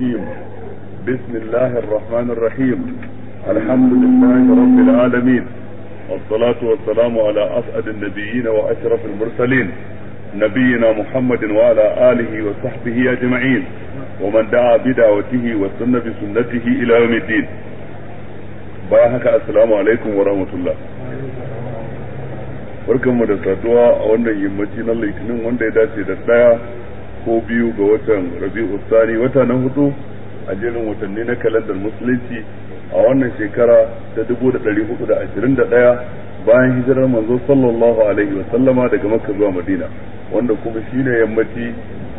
الرجيم بسم الله الرحمن الرحيم الحمد لله رب العالمين والصلاة والسلام على أسعد النبيين وأشرف المرسلين نبينا محمد وعلى آله وصحبه أجمعين ومن دعا بدعوته وسن بسنته إلى يوم الدين بايحك السلام عليكم ورحمة الله barkanmu da saduwa a wannan yammaci na litinin wanda ya dace da daya ko biyu ga watan rabi'u tsari wata na hudu a jerin watanni na kalandar musulunci a wannan shekara ta 1421 bayan hijirar manzo sallallahu alaihi wa sallama daga makka zuwa madina wanda kuma shine yammaci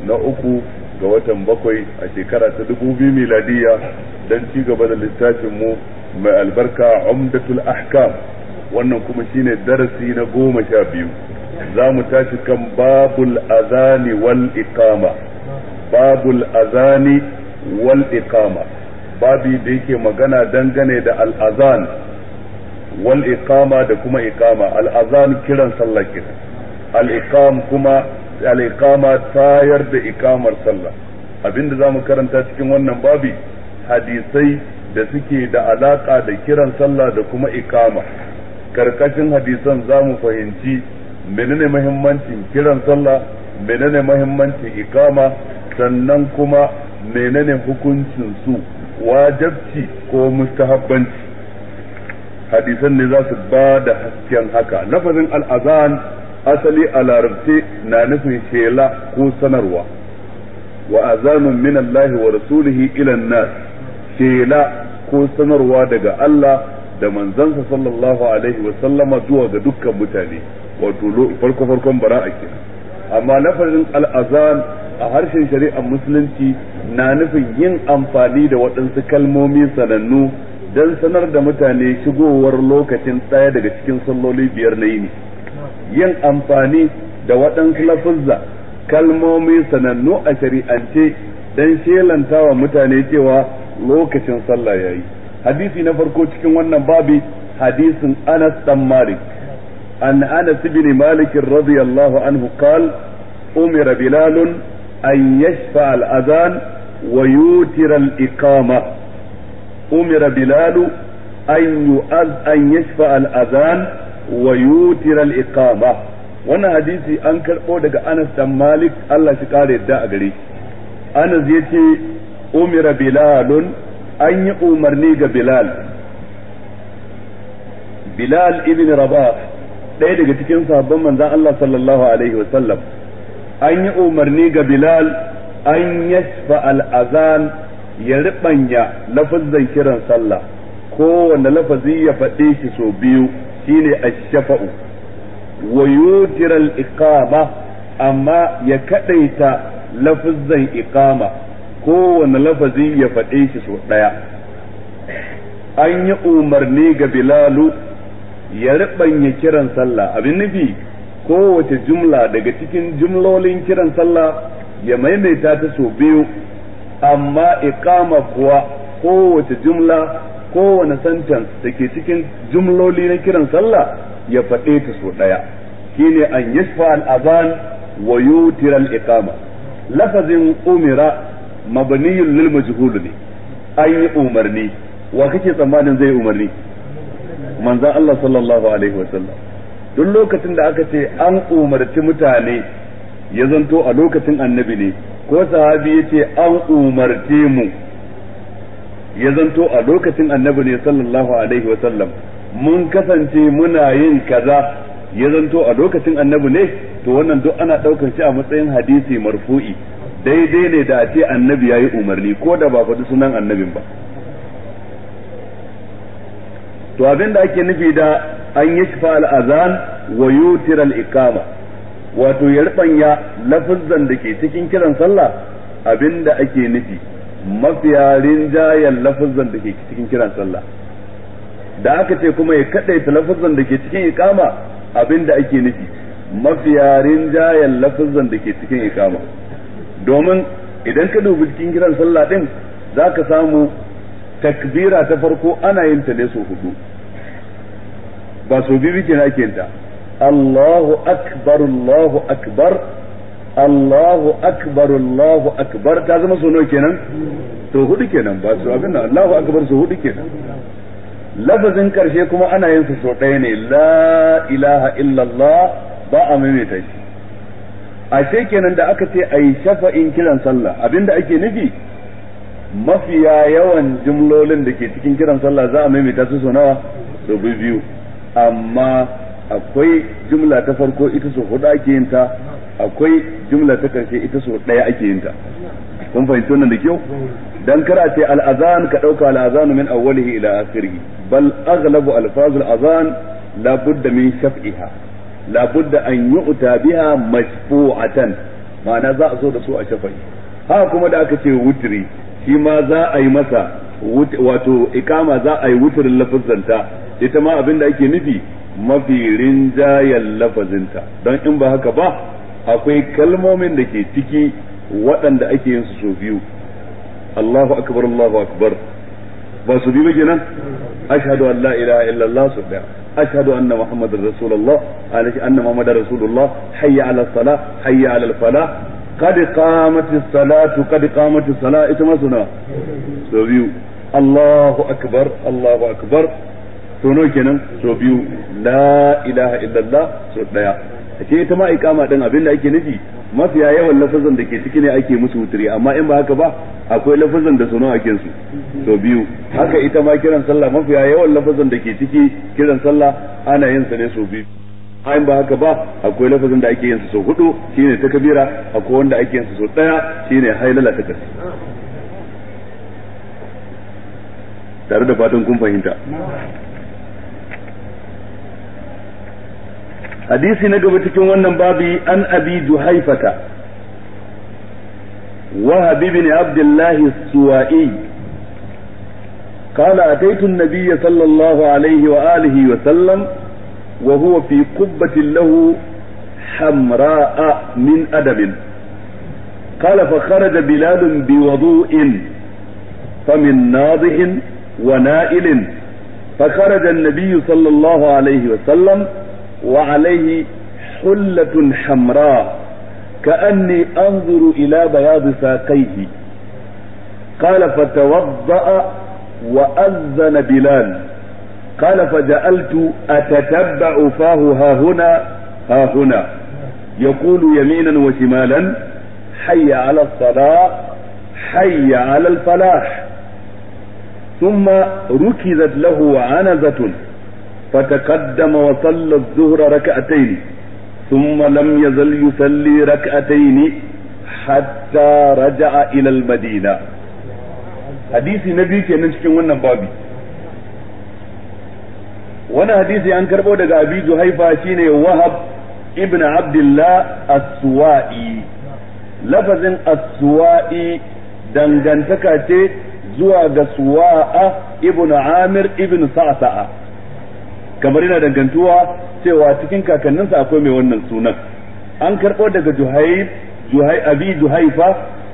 na uku ga watan bakwai a shekara ta 2000 miladiya dan ci gaba da littafin mu mai albarka umdatul ahkam wannan kuma shine darasi na goma sha biyu za mu tashi kan babul azani wal iqama babul azani wal iqama babi da yake magana dangane da al azan wal iqama da kuma iqama al azan kiran sallah kiran al iqam kuma al iqama tayar da iqamar sallah abinda zamu karanta cikin wannan babi hadisai da suke da alaka da kiran sallah da kuma iqama karkashin hadisan mu fahimci menene mahimmancin kiran sallah menene mahimmancin ikama sannan kuma menene hukuncin su wajabci ko mustahabbanci hadisan ne za su ba da hasken haka lafazin al'azan asali a larabce na nufin shela ko sanarwa wa azanun min Allah wa rasulihi ila nas shela ko sanarwa daga Allah da manzansa sallallahu alaihi wa sallama zuwa ga dukkan mutane wato farko farkon bara'a ke amma lafazin al'azan a harshen shari'ar musulunci na nufin yin amfani da waɗansu kalmomi sanannu don sanar da mutane shigowar lokacin ɗaya daga cikin salloli biyar na yini yin amfani da waɗansu lafuzza kalmomi sanannu a shari'ance don shelantawa mutane cewa lokacin sallah ya yi hadisi na farko cikin wannan babi hadisin anas dan malik أن أنس بن مالك رضي الله عنه قال أمر بلال أن يشفع الأذان ويوتر الإقامة أمر بلال أن يؤذ أن يشفع الأذان ويوتر الإقامة wannan hadisi an karɓo daga Anas dan Malik Allah shi kare yadda a Anas ya ce umira bilalun an yi umarni ga Bilal Bilal ibin raba. ɗaya daga cikin sahabban manzon Allah sallallahu alaihi wa an yi umarni ga Bilal an yashfa al-azan ya rubanya lafazin kiran sallah kowanne lafazi ya faɗe shi so biyu shine ash-shafa'u wa yutira al-iqama amma ya kadaita lafazin iqama kowanne lafazi ya faɗe shi so ɗaya an yi umarni ga Bilalu ya riɓanya kiran sallah abin nufi kowace jumla daga cikin jumlolin kiran sallah ya maimaita ta so biyu amma iqama kuwa kowace jumla kowane sentence da ke cikin jumloli na kiran sallah ya faɗe ta so ɗaya shine an yashfa al-azan wa yutira al-iqama lafazin umira mabniyun lil majhul ne an yi umarni wa kake tsammanin zai umarni manzan Allah sallallahu alaihi wasallam duk lokacin da aka ce an umarci mutane ya zanto a lokacin annabi ne ko sahabi ya ce an umarce mu ya zanto a lokacin annabi ne sallallahu alaihi wasallam mun kasance muna yin kaza ya zanto a lokacin annabi ne to wannan duk ana ɗaukar shi a matsayin hadisi marfu'i daidai ne da a ce annabi yi umarni ko da ba faɗi sunan annabin ba to abin da ake nufi da an yi shifa al'azan wa yutir al'iqama wato ya rubanya lafazzan da ke cikin kiran sallah abin da ake nufi mafiya rinjayen lafazzan da ke cikin kiran sallah da aka ce kuma ya kadaita lafazzan da ke cikin iqama abin da ake nufi mafiya rinjayen lafazzan da ke cikin iqama domin idan ka dubi cikin kiran sallah din zaka samu takbira ta farko ana yin ta ne so hudu ba so bi ke na ke ta Allahu akbar Allahu akbar Allahu akbar Allahu akbar ta zama so nawa kenan to hudu kenan ba so abin nan Allahu akbar so hudu kenan lafazin karshe kuma ana yin su so ɗaya ne la ilaha illallah ba a maimaita shi ashe kenan da aka ce ai shafa'in kiran sallah abinda ake nufi mafiya yawan jumlolin da ke cikin kiran sallah za a maimaita su so nawa so biyu amma akwai jumla ta farko ita so hudu ake yin ta akwai jumla ta karshe ita so daya ake yin ta kun fahimci wannan da kyau dan kar ce al-azan ka dauka al-azan min awwalihi ila akhirih bal aghlabu alfaz al-azan la budda min shaf'iha la budda an yu'ta biha mashfu'atan ma'ana za a zo da su a shafai ha kuma da aka ce wutri shi ma za a yi masa wato ikama za a yi wutrin lafazzanta ita ma abin da ake nufi mafi rinjayen lafazinta don in ba haka ba akwai kalmomin da ke ciki waɗanda ake yin su so biyu Allahu akbar Allahu akbar ba su biyu ba kenan ashhadu an la ilaha illallah su daya ashhadu anna muhammadar rasulullah alashi anna muhammadar rasulullah hayya ala sala hayya ala fala qad qamatis salatu qad qamatis sala ita ma suna so biyu Allahu akbar Allahu akbar so nawa kenan so biyu la ilaha illallah so daya ake ita ma iqama din abin da ake nufi mafiya yawan lafazan da ke ciki ne ake musu wuturi amma in ba haka ba akwai lafazan da sunan ake su so biyu haka ita ma kiran sallah mafiya yawan lafazan da ke ciki kiran sallah ana yin sa ne so biyu in ba haka ba akwai lafazin da ake yin su so hudu shine takabira akwai wanda ake yin su so daya shine hailala ta kasi tare da fatan kun fahimta hadisi na gaba cikin wannan babi an abi juhaifata وهب بن عبد الله السوائي قال أتيت النبي صلى الله عليه وآله وسلم وهو في قبة له حمراء من أدب قال فخرج بلال بوضوء فمن ناضح ونائل فخرج النبي صلى الله عليه وسلم وعليه حلة حمراء كأني أنظر إلى بياض ساقيه قال فتوضأ وأذن بلال قال فجعلت أتتبع فاه ها هنا ها هنا يقول يمينا وشمالا حي على الصلاة حي على الفلاح ثم ركزت له عنزة فتقدم وصلى الظهر ركعتين ثم لم يزل يصلي ركعتين حتى رجع Hadisi المدينة biyu نبي كان cikin wannan babi wani hadisi an karɓo daga abi zuhaifa shine wahab ibn abdullah as-suwa'i lafazin as dangantaka ce zuwa ga suwa'a ibn amir ibn sa'sa'a kamar yana dangantuwa cewa cikin kakanninsa akwai mai wannan sunan an karɓo daga juhaib juhai abi juhaifa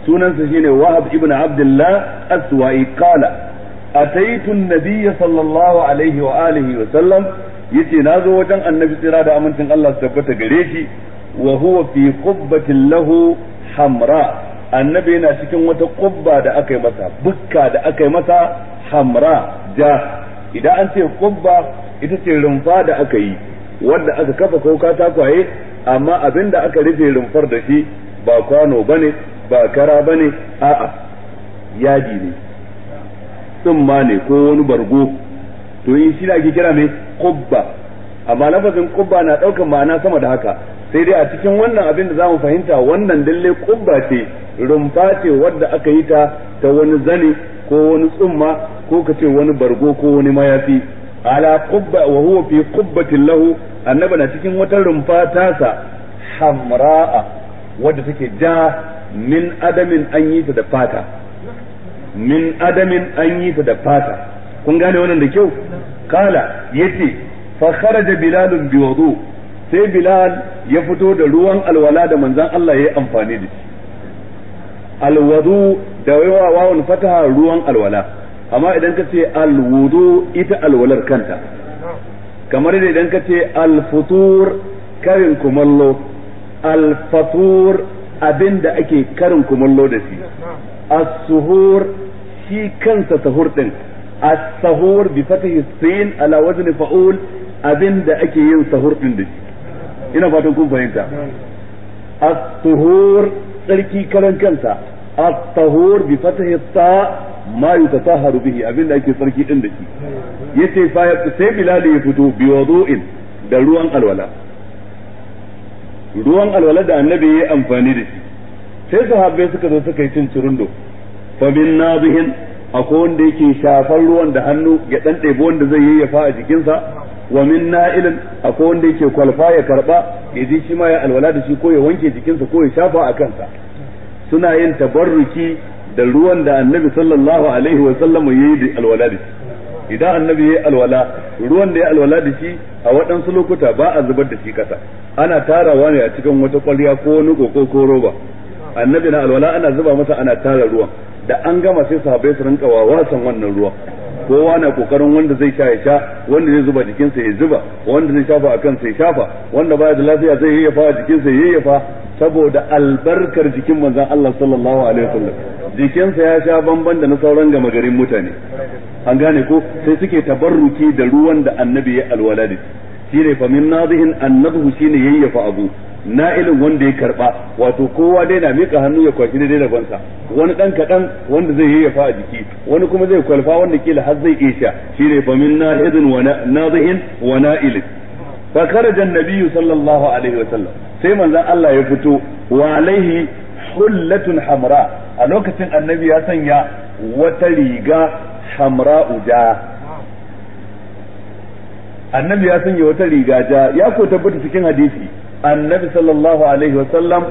sunansa shine wahab ibn abdullah aswai qala ataitu an-nabiy sallallahu alaihi wa alihi wa sallam yace nazo wajen annabi tsira da amincin Allah su tabbata gare shi wa huwa fi qubbatin lahu hamra annabi yana cikin wata qubba da aka yi masa bukka da aka yi masa hamra ja idan an ce qubba ita ce rumfa da aka yi wanda aka kafa ko katakwaye amma abin da aka rufe rumfar da shi ba kwano bane ba kara bane a'a yadi ne tsumma ne ko wani bargo to in shi da ake kira mai kubba amma lafazin kubba na ɗaukar ma'ana sama da haka sai dai a cikin wannan abin da za mu fahimta wannan dalle kubba ce rumfa ce wadda aka yi ta ta wani zane ko wani tsumma ko ka ce wani bargo ko wani mayafi ala qubba wa huwa fi qubbatin lahu annabi na cikin wata rumfa ta sa hamra'a wadda take ja min adamin an yi ta da fata min adamin an yi ta da fata kun gane wannan da kyau kala yace fa kharaja bilalun bi wudu sai bilal ya fito da ruwan alwala da manzon Allah yayi amfani da shi alwudu da wawan fataha ruwan alwala amma idan ka ce alwudu ita alwalar kanta kamar da idan ka ce alfutur karin kumallo alfatur abin da ake karin kumallo da shi as-suhur shi kansa sahur din as bi fatihi sin ala wazni fa'ul abin da ake yin sahur din da shi ina fatan kun fahimta as-suhur tsarki karan kansa as bi fatihi ta ma yutataharu bihi abinda ake sarki din da shi yace fa sai bilal ya fito bi wudu'in da ruwan alwala ruwan alwala da annabi yayi amfani da shi sai sahabbai suka zo suka yi cin cirundo fa min nazihin akwai wanda yake shafar ruwan da hannu ya dan ɗebi wanda zai yayyafa a jikinsa wa min na'ilin akwai wanda yake kwalfa ya karɓa ya ji shi ma ya alwala da shi ko ya wanke jikinsa ko ya shafa a kansa suna yin tabarruki da ruwan da annabi sallallahu alaihi wa sallam yayi da alwala da shi idan annabi yayi alwala ruwan da ya alwala da shi a waɗansu lokuta ba a zubar da shi kasa ana tarawa ne a cikin wata ƙwarya ko wani koko ko roba annabi na alwala ana zuba masa ana tara ruwan da an gama sai sahabbai su rinka san wannan ruwan kowa na kokarin wanda zai sha ya sha wanda zai zuba jikinsa ya zuba wanda zai shafa a kansa ya shafa wanda baya da lafiya zai yayyafa a jikinsa ya yayyafa saboda albarkar jikin manzon Allah sallallahu alaihi wasallam jikinsa ya sha bamban da na sauran gama garin mutane an gane ko sai suke tabarruki da ruwan da annabi ya alwala da shi ne fa min shine yayyafa abu na'ilin wanda ya karba wato kowa dai na mika hannu ya kwashi dai da bansa wani dan kadan wanda zai yayyafa a jiki wani kuma zai kwalfa wanda kila har zai isha shine fa min nahidin wa nadihin wa na'ilin fa kharaja an sallallahu alaihi wa sallam sai manzon Allah ya fito wa alaihi hullatun hamra a lokacin annabi ya sanya wata riga hamra uja annabi ya sanya wata riga ja ya ko tabbata cikin hadisi annabi sallallahu alaihi wasallam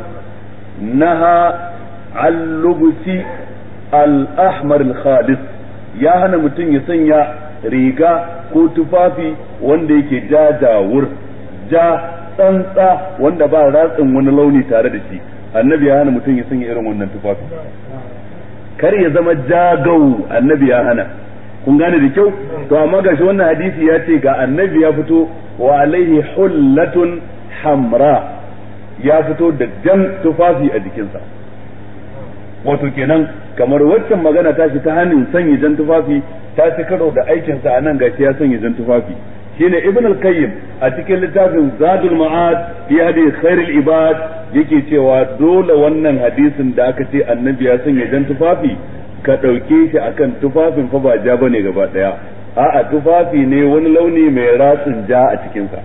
naha al al-ahmar al-khalis ya hana mutum ya sanya riga ko tufafi wanda yake jajawur ja tsantsa wanda ba ratsin wani launi tare da shi annabi ya hana mutum ya sanya irin wannan tufafi kar ya zama jagau annabi ya hana kun gane da kyau to amma gashi wannan hadisi ya ce ga annabi ya fito wa alaihi hullatun hamra ya fito da jan tufafi a jikinsa wato kenan kamar waccan magana ta shi ta hannun sanya jan tufafi ta ci karo da aikinsa a nan gashi ya sanya jan tufafi shine ibn al-qayyim a cikin littafin zadul ma'ad fi hadi al ibad yake cewa dole wannan hadisin da aka ce annabi ya sanya jan tufafi ka dauke shi akan tufafin fa ba ja bane gaba daya a'a tufafi ne wani launi mai ratsin ja a cikin sa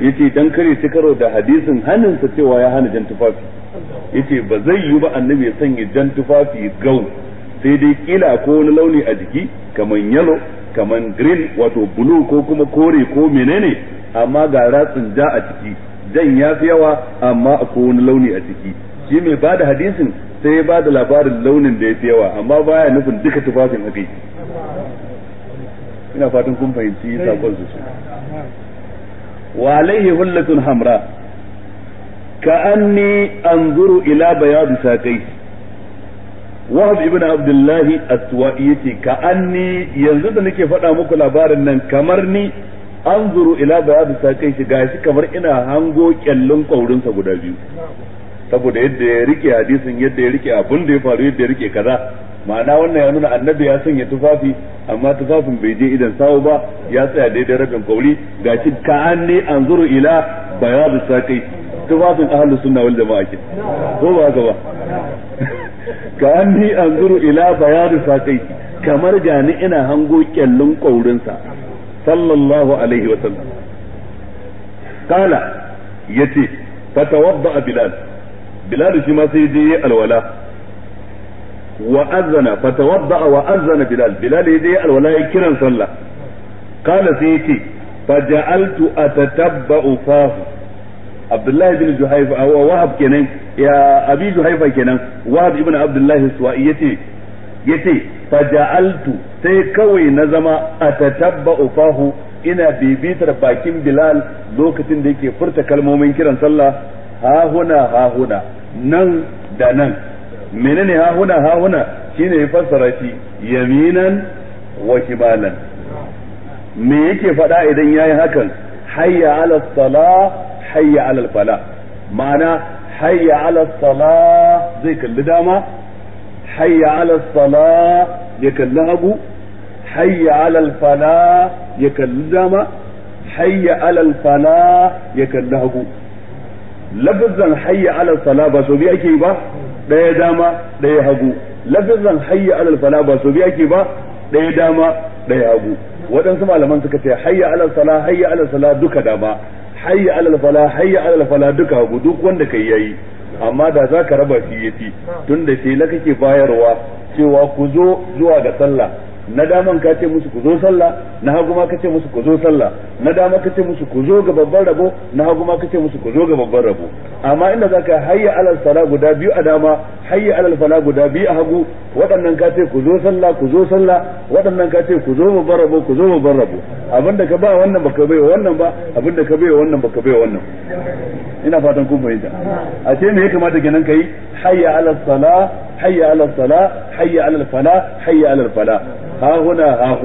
yace dan kare shi karo da hadisin hannun sa cewa ya hana jan tufafi yace ba zai yi ba annabi ya sanya jan tufafi gau sai dai kila ko wani launi a jiki kamar yellow kaman green wato blue ko kuma kore ko menene amma ga ratsin ja a ciki jan ya fi yawa amma akwai wani launi a ciki shi mai bada hadisin sai ya ba labarin launin da ya fi yawa amma baya nufin duka tufafin haka ina fatan kun fahimci sakon su su wa alaihi hullatun hamra ka anni anzuru ila bayadu sakai wahab ibn abdullahi aswa'i yace ka anni yanzu da nake faɗa muku labarin nan kamar ni anzuru ila bayadu sakai shi gashi kamar ina hango kyallin sa guda biyu saboda yadda ya rike hadisin yadda ya rike abin da ya faru yadda ya rike kaza ma'ana wannan ya nuna annabi ya sanya tufafi amma tufafin bai je idan sawo ba ya tsaya daidai rabin kauri gashi ka anni anzuru ila bayadu sakai tufafin ahlus sunna wal jama'a ke ko ba haka ba ka anni anzuru ila bayanin saqai kamar gani ina hango kyallin kaurinsa sallallahu alaihi wasallam kala yace fatawadda bilal bilal shi ma sai je alwala wa azana fatawadda wa azana bilal bilal ya je alwala ya kiran sallah kala sai yace faja'altu atatabba'u fahu abdullahi bin juhayf aw wahab kenan ya abi juhaifa kenan wahab ibn abdullah suwa'i yace yace faja'altu sai kawai na zama atatabba'u fahu ina bibitar bakin bilal lokacin da yake furta kalmomin kiran sallah ha huna ha huna nan da nan menene ha huna ha huna shine ya fassara shi yaminan wa kibalan me yake faɗa idan yayi hakan hayya ala sala hayya ala fala ma'ana hayya ala sala zai kalli dama hayya ala sala ya kalli hagu hayya ala fala ya kalli dama hayya ala fala ya kalli hagu lafazan hayya ala sala ba so bi ake ba daya dama daya hagu lafazan hayya ala fala ba so bi ake ba daya dama daya hagu waɗansu malaman suka ce hayya ala sala hayya sala duka dama hayya alal fala hayya alal fala duka hagu duk wanda kai yayi amma da za ka raba shi yafi tunda sai la kake bayarwa cewa ku zo zuwa ga sallah na daman ka ce musu ku zo sallah na hagu ma ka ce musu ku zo sallah na dama ka ce musu ku zo ga babban rabo na hagu ma ka ce musu ku zo ga babban rabo amma inda zaka hayya alal sala guda biyu a dama hayya alal fala guda biyu a hagu waɗannan ka ce ku zo sallah ku zo sallah waɗannan ka ce ku zo babban rabo ku zo babban rabo abinda ka ba wannan baka bai wannan ba abinda ka bai wannan baka bai wannan ina fatan kun fahimta a ce me ya kamata kenan kai hayya ala sala hayya ala sala hayya ala fala hayya ala fala ha huna ha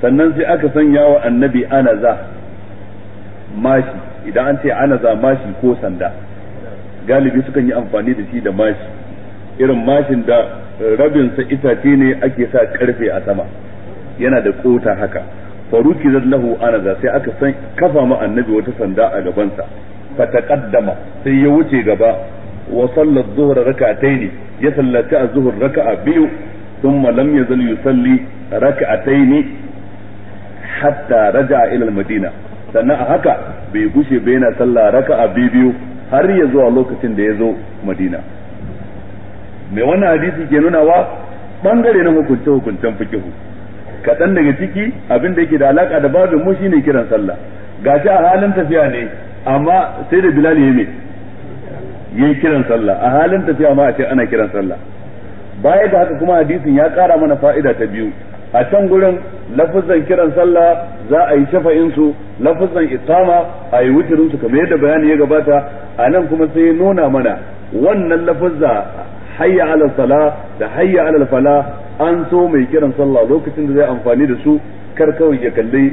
sannan sai aka sanya wa annabi anaza mashi idan an ce anaza mashi ko sanda galibi sukan yi amfani da shi da mashi irin mashin da rabinsa itace ne ake sa karfe a sama yana da ƙota haka faruki lahu anaza sai aka san kafa ma annabi wata sanda a gabansa fa taqaddama sai ya wuce gaba wa salla dhuhra rak'atayn ya sallata az-zuhr rak'a biyu thumma lam yazal yusalli rak'atayn hatta raja'a ila al-madina sannan a haka bai gushe bai yana sallah raka'a biyu har ya zuwa lokacin da ya zo madina mai wannan hadisi ke nuna wa bangare na hukunce hukuncen fikihu kaɗan daga ciki abin da yake da alaka da babu mu shine kiran sallah Ga gashi a halin tafiya ne amma sai da bilal ya me yayi kiran sallah a halin tafiya ma a ce ana kiran sallah baya da haka kuma hadisin ya kara mana fa'ida ta biyu a can gurin lafazan kiran sallah za a yi shafa'in su lafazan itama a yi wutirin su kamar yadda bayani ya gabata a nan kuma sai nuna mana wannan lafazza hayya alal sala da hayya alal fala an so mai kiran sallah lokacin da zai amfani da su kar kawai ya kalli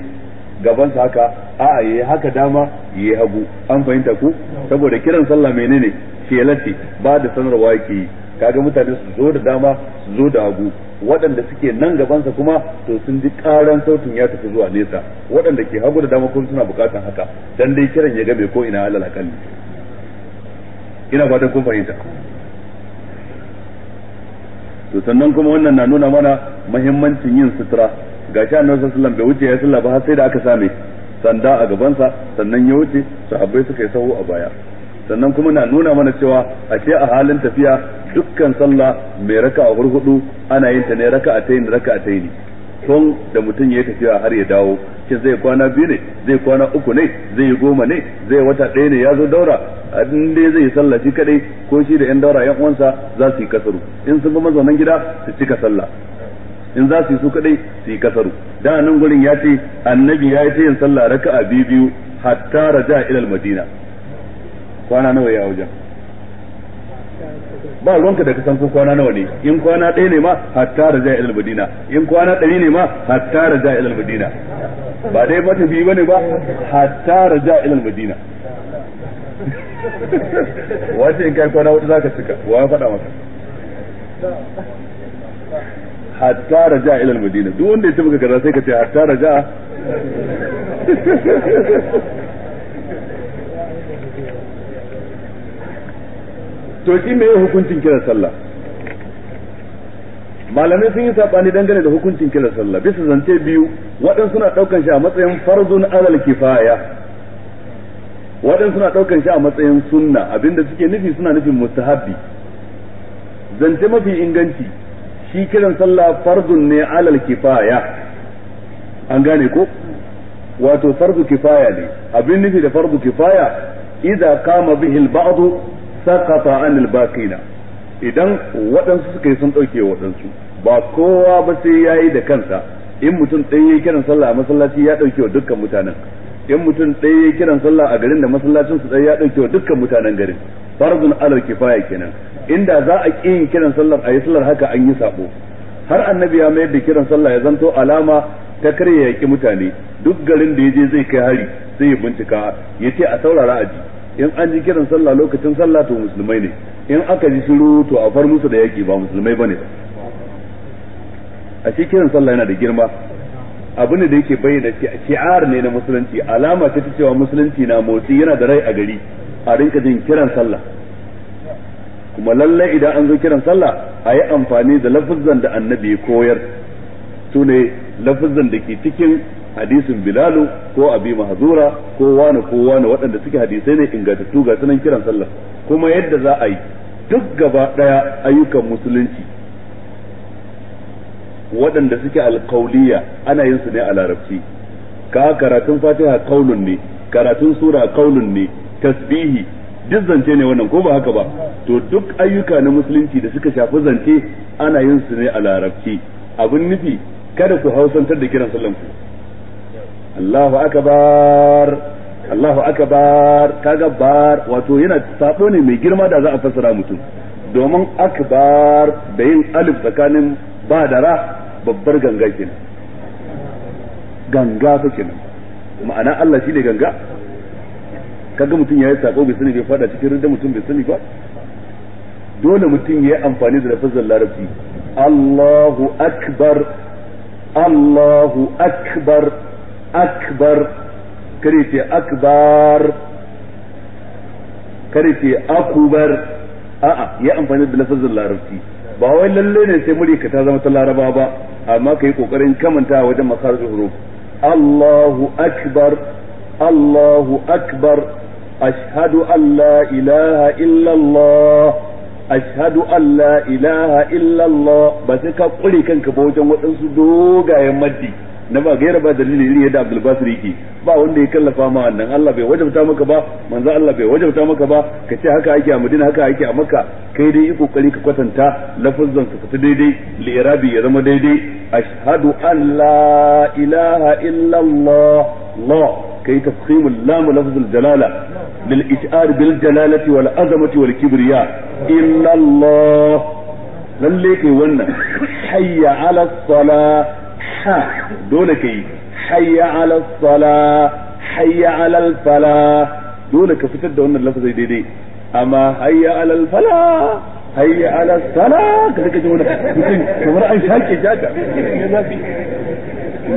gabansa haka a'a yayi haka dama yayi hagu an fahimta ku saboda kiran sallah menene shelati ba da sanarwa yake yi kaga mutane su zo da dama su zo da hagu waɗanda suke nan gabansa kuma to sun ji karan sautin ya tafi zuwa nesa waɗanda ke hagu da dama kuma suna bukatan haka dan dai kiran ya ga mai ko ina alal ina fatan kun fahimta to sannan kuma wannan na nuna mana muhimmancin yin sutura shi annabi sallallahu alaihi wasallam bai wuce ya sallah ba har sai da aka same sanda a gabansa sannan ya wuce sahabbai suka yi sahu a baya sannan kuma na nuna mana cewa ce a halin tafiya dukkan sallah mai raka a hurhudu ana yin ta ne raka'a tayin raka'a tayin tun da mutum ya tafiya har ya dawo shi zai kwana biyu ne zai kwana uku ne zai yi goma ne zai wata ɗaya ne ya zo daura in dai zai sallah shi kadai ko shi da yan daura yan uwansa za su yi kasaru in sun kuma mazaunan gida su cika sallah in za su yi su kadai su yi kasaru da nan gurin ya ce annabi ya yi ta yin sallah raka'a biyu biyu hatta raja ila madina kwana nawa ya wajen ba ruwanka da ka san ko kwana nawa ne in kwana ɗaya ne ma hatta zai ilal madina in kwana ɗari ne ma hatta zai ilal madina ba dai mata biyu bane ba hatta zai ilal madina wace in kai kwana wata zaka cika wa ya faɗa maka hatta zai ilal madina duk wanda ya tafi ka kaza sai ka ce hatta raja to shi me hukuncin kiran sallah malamai sun yi sabani dangane da hukuncin kiran sallah bisa zance biyu waɗansu suna ɗaukan shi a matsayin farzun alal kifaya waɗansu suna ɗaukan shi a matsayin sunna abinda suke nufi suna nufin mustahabbi zance mafi inganci shi kiran sallah farzun ne alal kifaya an gane ko wato farzu kifaya ne abin nufi da farzu kifaya idza qama bihi al-ba'd sakata anil baqina idan waɗansu suka yi sun ɗauke waɗansu ba kowa ba sai ya yi da kansa in mutum ɗaya ya kiran sallah a masallaci ya ɗauke wa dukkan mutanen in mutum ɗaya ya kiran sallah a garin da masallacin su ɗaya ya ɗauke wa dukkan mutanen garin farzun alal kifaya kenan inda za a ƙi yin kiran sallar a yi sallar haka an yi sabo har annabi ya mayar da kiran sallah ya zanto alama ta karya yaƙi mutane duk garin da ya je zai kai hari sai ya bincika ya ce a saurara aji in an ji kiran sallah lokacin sallah to musulmai ne in aka ji shiru to a far musu da yaki ba musulmai bane ba a shi kiran sallah yana da girma abu ne da yake bayyana shi'ar ne na musulunci alama ce ta cewa musulunci na motsi yana da rai a gari a rinka jin kiran sallah kuma lallai idan an zo kiran sallah a yi amfani da lafazan da annabi koyar su ne lafazan da ke cikin hadisin bilalu ko abi mahzura ko wani ko wani waɗanda suke hadisai ne ingantattu ga sunan kiran sallah kuma yadda za a yi duk gaba ɗaya ayyukan musulunci waɗanda suke alkauliya ana yin su ne a larabci ka karatun fatiha kaulun ne karatun sura kaulun ne tasbihi duk zance ne wannan ko ba haka ba to duk ayyuka na musulunci da suka shafi zance ana yin su ne a larabci abin nufi kada ku hausantar da kiran sallan ku Allahu akbar Allahu akbar kaga bar wato yana sabo ne mai girma da za a fassara mutum domin akbar da yin alif tsakanin ba da ra babbar ganga kenan ganga fa kenan ma'ana Allah shine ganga kaga mutum yayi sako bai sani bai fada cikin rinda mutum bai sani ba dole mutum yayi amfani da lafazin larabci Allahu akbar Allahu akbar akbar kare ce akbar kare ce akubar a'a ya amfani da lafazin larabci ba wai lalle ne sai ka ta zama ta laraba ba amma ka yi kokarin kamanta wajen makarajin huruf Allahu akbar Allahu akbar ashhadu an la ilaha illallah ashhadu an la ilaha illallah ba sai ka kure kanka ba wajen waɗansu dogayen maddi na ba gaira ba dalili irin yadda Abdul Basir yake ba wanda ya kallafa ma wannan Allah bai wajabta maka ba manzo Allah bai wajabta maka ba ka ce haka ake a Madina haka ake a Makka kai dai yi kokari ka kwatanta lafazan ka fita daidai irabi ya zama daidai ashhadu an la ilaha illa Allah la kai tafkhimul lam lafzul jalala lil ishar bil jalalati wal azamati wal kibriya illa Allah lalle kai wannan hayya ala salat ha dole yi hayya ala sala hayya ala fala dole ka fitar da wannan lafazai daidai amma hayya ala fala hayya ala sala ka rika ji wani mutum kamar an shake jaka me zafi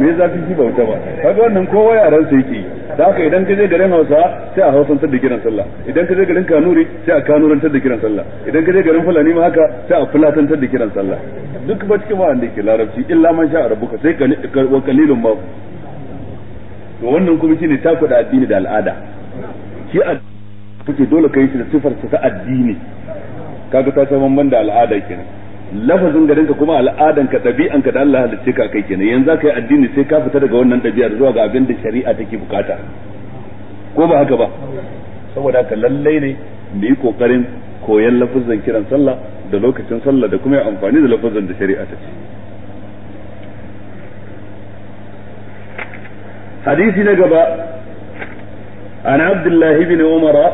me zafi shi ba wuta ba kaga wannan kowa yaran sai yake yi da haka idan ka je garin Hausa sai a hausantar da kiran sallah idan ka je garin Kanuri sai a kanurantar da kiran sallah idan ka je garin Fulani ma haka sai a fulatantar da kiran sallah duk ba cikin da ke larabci illa man sha rabbuka sai wa kalilun ba to wannan kuma shine takuda addini da al'ada shi a kuke dole kai shi da sifar ta addini kaga ta san da al'ada kenan lafazin garinka kuma al'adanka ɗabi'anka da Allah da ka kai kenan yanzu ka yi addini sai ka fita daga wannan ɗabi'ar zuwa ga abin da shari'a take bukata ko ba haka ba saboda haka lallai ne mu yi kokarin koyan lafazin kiran sallah da lokacin sallah da kuma amfani da lafazin da shari'a ta ce hadisi na gaba an abdullahi bin umara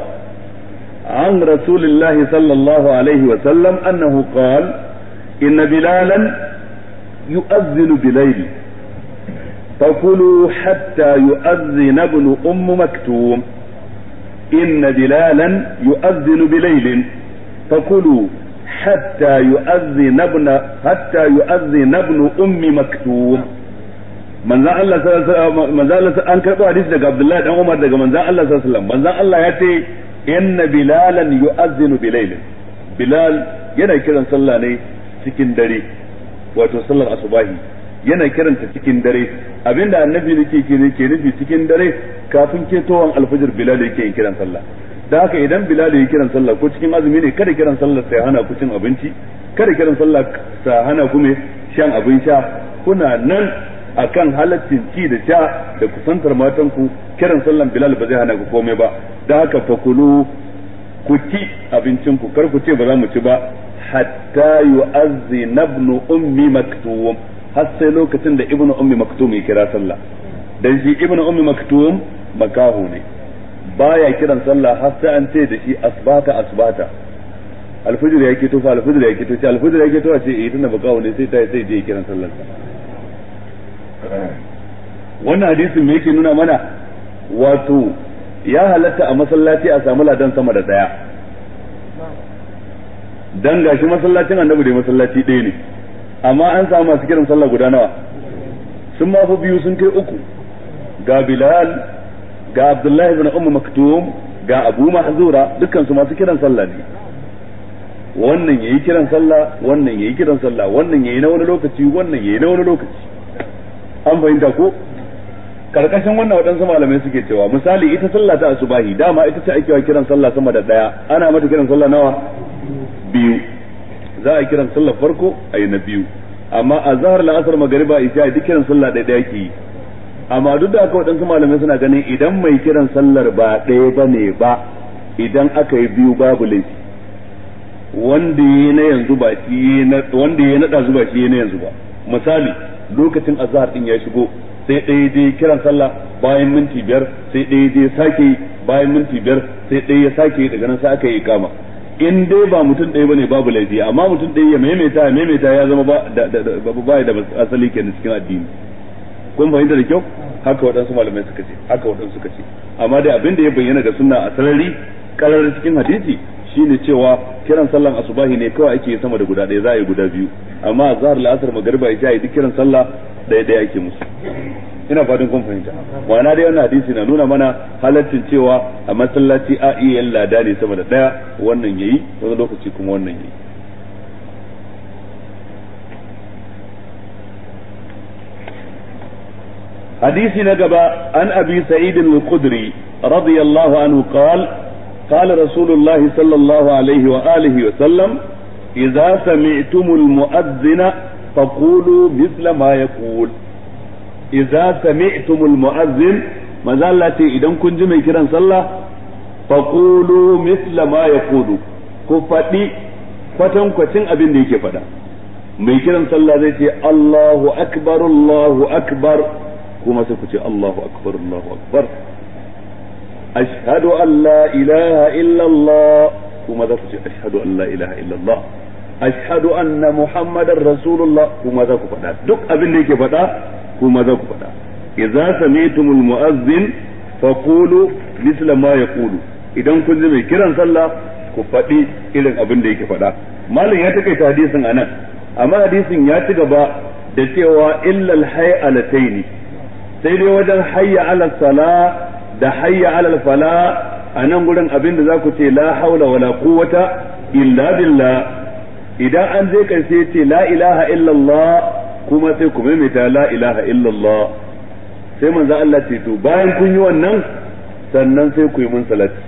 عن رسول الله صلى الله عليه وسلم أنه قال إن بلالا يؤذن بليل فكلوا حتى يؤذن ابن أم مكتوم إن بلالا يؤذن بليل فكلوا حتى يؤذن ابن حتى يؤذن ابن أم مكتوم من ذا الله صلى الله عليه وسلم من ذا الله أن كتبوا حديث عبد الله بن عمر من ذا الله صلى الله عليه وسلم من ذا الله يأتي إن بلالا يؤذن بليل بلال ينا كذا صلى عليه cikin dare wato sallar asubahi yana kiranta cikin dare abinda annabi ne ke ke nufi cikin dare kafin ketowan alfajir bilal yake yin kiran sallah da haka idan bilal yake kiran sallah ko cikin azumi ne kada kiran sallah sai hana ku cin abinci kada kiran sallah sa hana ku shan abin sha kuna nan akan halaccin ci da sha da kusantar matan ku kiran sallan bilal ba zai hana ku komai ba da haka fakulu ku ci abincin ku kar ku ce ba za mu ci ba hatta yu'azzi ibn ummi maktum har sai lokacin da ibn ummi maktum ya kira sallah dan shi ibn ummi maktum makahu ne baya kiran sallah har sai an ce da shi asbata asbata alfijir yake to fa alfijir yake to sai alfijir yake to ce eh tunda makahu ne sai ta sai je kiran Sallah. wannan hadisin me yake nuna mana wato ya halatta a masallaci a samu ladan sama da daya dan gashi masallacin annabi dai masallaci ɗaya ne amma an samu masu kiran sallah guda nawa sun ma fi biyu sun kai uku ga bilal ga abdullahi ibn ummu maktum ga abu mahzura dukkan su masu kiran sallah ne wannan yayi kiran sallah wannan yayi kiran sallah wannan yayi na wani lokaci wannan yayi na wani lokaci an fahimta ko karkashin wannan waɗansu malamai suke cewa misali ita sallah ta asubahi dama ita ce ake kiran sallah sama da daya ana mata kiran sallah nawa biyu za a kiran sallar farko a yi na biyu amma a zahar la'asar magariba isha duk kiran sallah ɗaya ɗaya ke amma duk da aka waɗansu malamai suna ganin idan mai kiran sallar ba ɗaya ba ba idan aka yi biyu babu laifi wanda ya na yanzu ba shi wanda ya naɗa zuba shi na yanzu ba misali lokacin azhar din ya shigo sai ɗaya je kiran sallah bayan minti biyar sai ɗaya je sake bayan minti biyar sai ɗaya ya sake daga nan sai aka yi ikama in dai ba mutum ɗaya bane babu laifi amma mutum ɗaya ya maimaita ya maimaita ya zama ba da asali kenan cikin addini kun fahimta da kyau haka waɗansu malamai suka ce haka waɗansu suka ce amma dai abin da ya bayyana ga sunna a sarari karar cikin hadisi shine cewa kiran sallan asubahi ne kawai ake sama da guda ɗaya za a yi guda biyu amma a zahar la'asar magariba ya duk kiran sallah ɗaya ɗaya ake musu ina fadin kun fahimta ma'ana dai wannan hadisi na nuna mana halaccin cewa a masallaci a iya yin lada ne sama da daya wannan yayi wani lokaci kuma wannan yayi حديث نجبة عن أبي سعيد الخدري رضي الله عنه قال قال رسول الله صلى الله عليه وآله وسلم إذا سمعتم المؤذن فقولوا مثل ما يقول idza sami'tumul mu'azzin manzo Allah ce idan kun ji mai kiran sallah faqulu mislama ma yaqulu ku faɗi kwatankwacin abin da yake faɗa mai kiran sallah zai ce Allahu akbar Allahu kuma sai Allahu akbar Allahu akbar ashhadu an la kuma za ku ce ashhadu an la ilaha illa Allah ashhadu kuma za ku faɗa duk abin da yake faɗa ku ma za ku faɗa idza sami'tumul mu'azzin faqulu misla ma yaqulu idan kun ji mai kiran sallah ku faɗi irin abin da yake faɗa malam ya takaita hadisin anan amma hadisin ya ci gaba da cewa illal ne sai dai wajen hayya ala sala da hayya ala fala a nan gurin abin da za ku ce la haula wala quwwata illa billah idan an je karshe ce la ilaha illallah kuma sai ku maimaita la ilaha illallah sai manzo Allah ce to bayan kun yi wannan sannan sai ku yi mun salati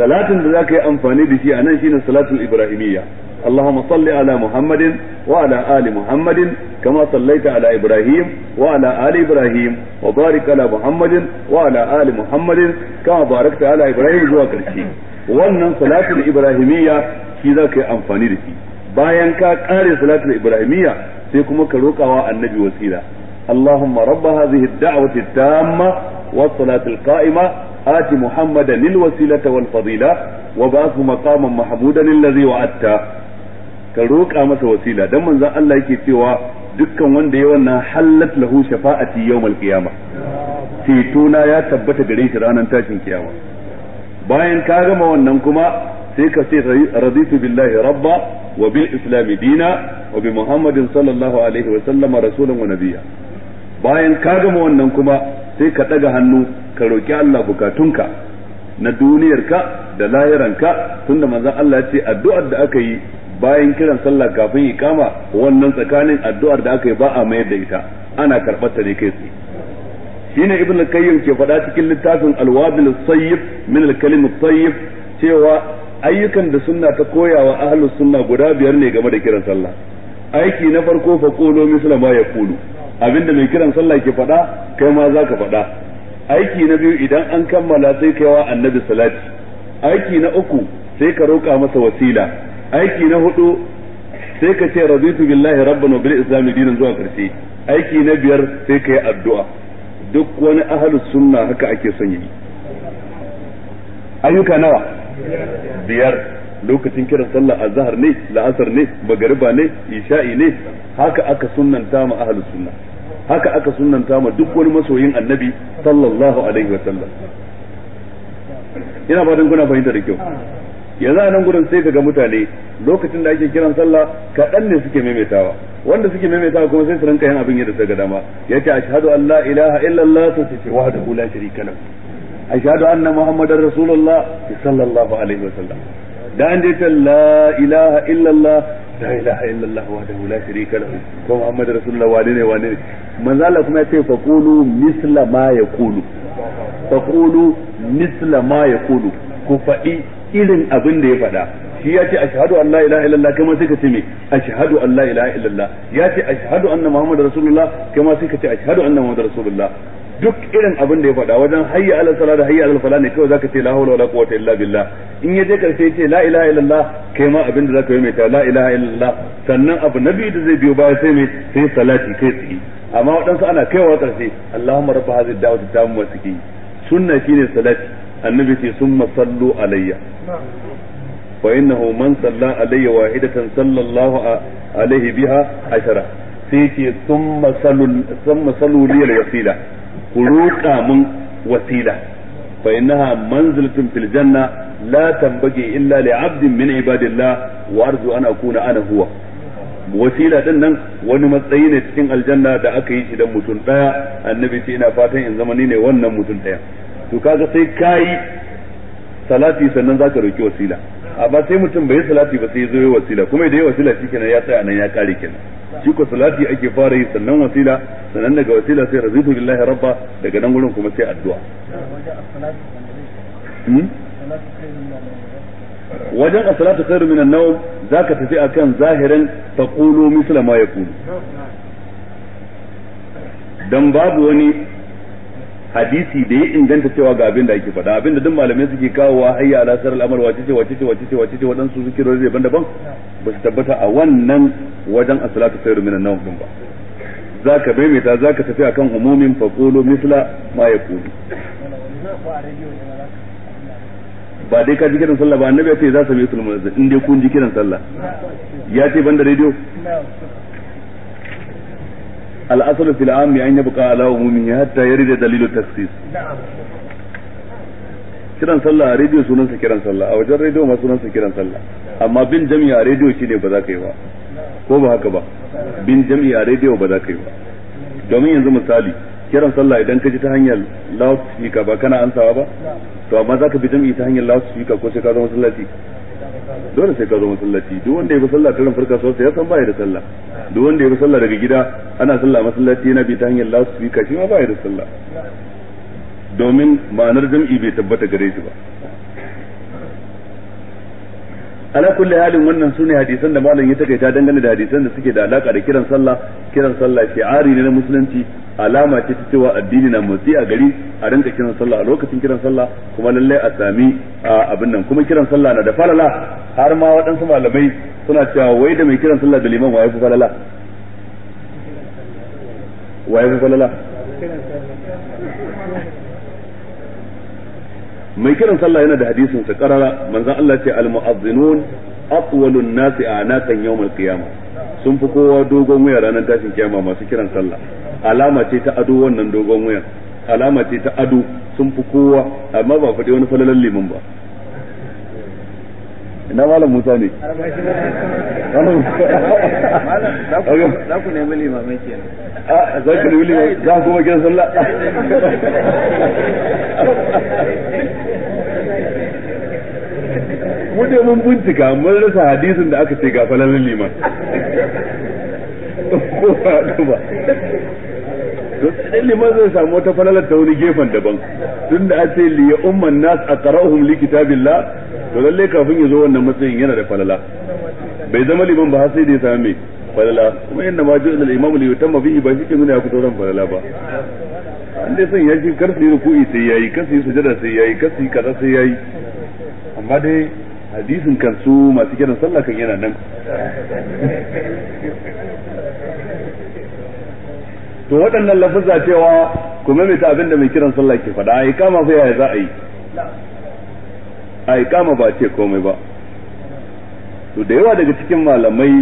salatin da zaka yi amfani da shi a nan shine salatul ibrahimiyya اللهم صل على محمد وعلى آل محمد كما صليت على إبراهيم وعلى آل إبراهيم وبارك على محمد وعلى آل محمد كما باركت على إبراهيم وكرشي wannan salatul ibrahimiyya shi za ka yi amfani da shi bayan ka kare salatul ibrahimiyya sai kuma ka wa annabi wasila اللهم رب هذه الدعوة التامة والصلاة القائمة آت محمدا wa والفضيلة وبعثه مقاما محمودا الذي وعدته ka roƙa masa wasila dan manzon Allah yake cewa dukkan wanda ya wannan hallat lahu shafa'ati yawmal qiyama ceto na ya tabbata gare shi ranar tashin kiyama bayan ka gama wannan kuma sai ka ce raditu billahi rabba wa bil dina wa bi muhammadin sallallahu alaihi wa sallama rasulun wa nabiya bayan ka gama wannan kuma sai ka daga hannu ka roki Allah bukatunka na duniyarka da lahiranka tunda manzon Allah ya ce addu'ar da aka yi bayan kiran sallah kafin ikama wannan tsakanin addu'ar da aka yi ba a mayar da ita ana karɓar ta ne kai tsaye shine ibn al-qayyim ke faɗa cikin littafin al-wabil sayyib min al-kalim cewa ayyukan da sunna ta koyawa ahlus sunna guda biyar ne game da kiran sallah aiki na farko fa qulu misla ma yaqulu abinda mai kiran sallah ke faɗa kai ma zaka faɗa aiki na biyu idan an kammala sai kaiwa annabi salati aiki na uku sai ka roƙa masa wasila aiki na hudu sai ka ce raditu billahi rabbana bil islam dinan zuwa karshe aiki na biyar sai ka yi addu'a duk wani ahlus sunna haka ake son yi ayyuka nawa biyar lokacin kiran sallah azhar ne la'asar ne magariba ne isha'i ne haka aka sunnanta ma ahlus sunna haka aka sunnanta ma duk wani masoyin annabi sallallahu alaihi wa sallam ina fatan kuna fahimta da kyau yanzu a nan gurin sai kaga mutane lokacin da ake kiran sallah kaɗan ne suke maimaitawa wanda suke maimaitawa kuma sai su rinka yin abin yadda suka dama yace ashhadu an la ilaha illallah ta sai wahdahu la sharika lahu ashhadu anna muhammadar rasulullah sallallahu alaihi wasallam da an je la ilaha illallah la ilaha illallah wahdahu la sharika lahu ko muhammadar rasulullah wane ne wane ne manzo Allah kuma ya ce fa qulu misla ma yaqulu fa qulu misla ma yaqulu ku faɗi irin abin da ya faɗa shi ya ce ashhadu an la ilaha illallah kai ma sai ka ce me ashhadu an la ilaha illallah ya ce ashhadu anna muhammadar rasulullah kai ma sai ka ce ashhadu anna muhammadar rasulullah duk irin abin da ya faɗa wajen hayya alal sala da hayya alal sala ne kawai zaka ce la hawla wala quwwata illa billah in ya je karshe ce la ilaha illallah kai ma abin da zaka yi mai ta la ilaha illallah sannan abu nabi da zai biyo baya sai mai sai salati kai tsaye amma waɗansu ana kaiwa karshe allahumma rabb hadhihi da'wati tammu wa suki sunna shine salati annabi ce summa sallu alayya fa innahu man salla alayya wahidatan sallallahu alaihi biha ashara sai ce summa sallu summa sallu wasila ku roƙa mun wasila fa innaha manzilatun fil janna la tanbaghi illa li 'abdin min ibadillah wa arju an akuna ana huwa wasila din nan wani matsayi ne cikin aljanna da aka yi idan mutum daya annabi ce ina fatan in zama ni ne wannan mutum daya to kaga sai kai salati sannan zaka roki wasila amma sai mutum bai yi salati ba sai ya zo ya wasila kuma idan ya wasila kenan ya tsaya nan ya kare kenan shi ko salati ake fara yi sannan wasila sannan daga wasila sai razitu billahi rabba daga nan gurin kuma sai addu'a hmm? wajen as-salatu khairu minan nawm zaka tafi akan zahirin taqulu misla ma yaqulu dan babu wani hadisi da ya inganta cewa ga abin da ake faɗa abin da duk malamai suke kawowa hayya ala sarar al'amar wace ce wace ce wace ce wace ce waɗansu zikirori daban-daban ba su tabbata a wannan wajen asalatu sayar minan nawm din ba za ka maimaita za ka tafi akan umumin faqulu misla ma ya ba dai ka ji kiran sallah ba annabi ya ce za su mai sulmul in dai kun ji kiran sallah ya ce ban da الاصل في العام ان يبقى ala عمومه hatta يرد dalilu التخصيص kiran sallah a rediyo sunansa kiran sallah a wajen rediyo ma sunansa kiran sallah amma bin jami'a a rediyo shine ba za ka yi ba ko ba haka ba bin jami'a a rediyo ba za ka yi ba domin yanzu misali kiran sallah idan ka ji ta hanyar loudspeaker ba kana ansawa ba to amma za ka bi jami'a ta hanyar loudspeaker ko sai ka zama masallaci dole sai ka zo masallaci duk wanda ya bi sallah tarin farka so sai ya san baya da sallah duk wanda ya bi sallah daga gida ana sallah masallaci yana bi ta hanyar fi kashi ma bayar da sallah domin ma'anar jam'i bai tabbata gare shi ba ala kulli halin wannan sune hadisan da malam ya takaita dangane da hadisan da suke da alaka da kiran sallah kiran sallah shi'ari ne na musulunci alama ce ta cewa addini na motsi a gari a rinka kiran sallah a lokacin kiran sallah kuma lallai a sami abin nan kuma kiran sallah na da falala har ma waɗansu malamai suna cewa wai da mai kiran sallah da liman waye fi falala waye fi falala mai kiran sallah yana da hadisin sa karara manzon Allah ce al mu'azzinun atwalun nasi yawm yawmal qiyamah sun fi kowa dogon wuya ranar tashin kiyama masu kiran sallah alama ce ta ado wannan dogon wuya alama ce ta ado sun fi kowa amma ba fadi wani falalan liman ba ina malam Musa ne za ku nemi limamai kenan za ku nemi za kuma kiran sallah mu mun bincika mun rasa hadisin da aka ce ga falalin liman ko ba ba dan liman zai samu wata falalar ta wani gefen daban tunda a ce li umman nas aqra'uhum li kitabillah to lalle kafin ya zo wannan matsayin yana da falala bai zama liman ba har sai da ya same falala kuma inna ma ju'ila al-imamu li yutamma bihi ba shi ke nuna ya fito ran falala ba an dai son yaji kar su yi ruku'i sai yayi kar su yi sujada sai yayi kar su yi kaza sai yayi amma dai hadisin kan su masu kiran sallah kan yana nan to waɗannan lafuzza cewa kuma me ta abin da mai kiran sallah ke faɗa a kama sai ya za a yi a kama ba ce komai ba to da yawa daga cikin malamai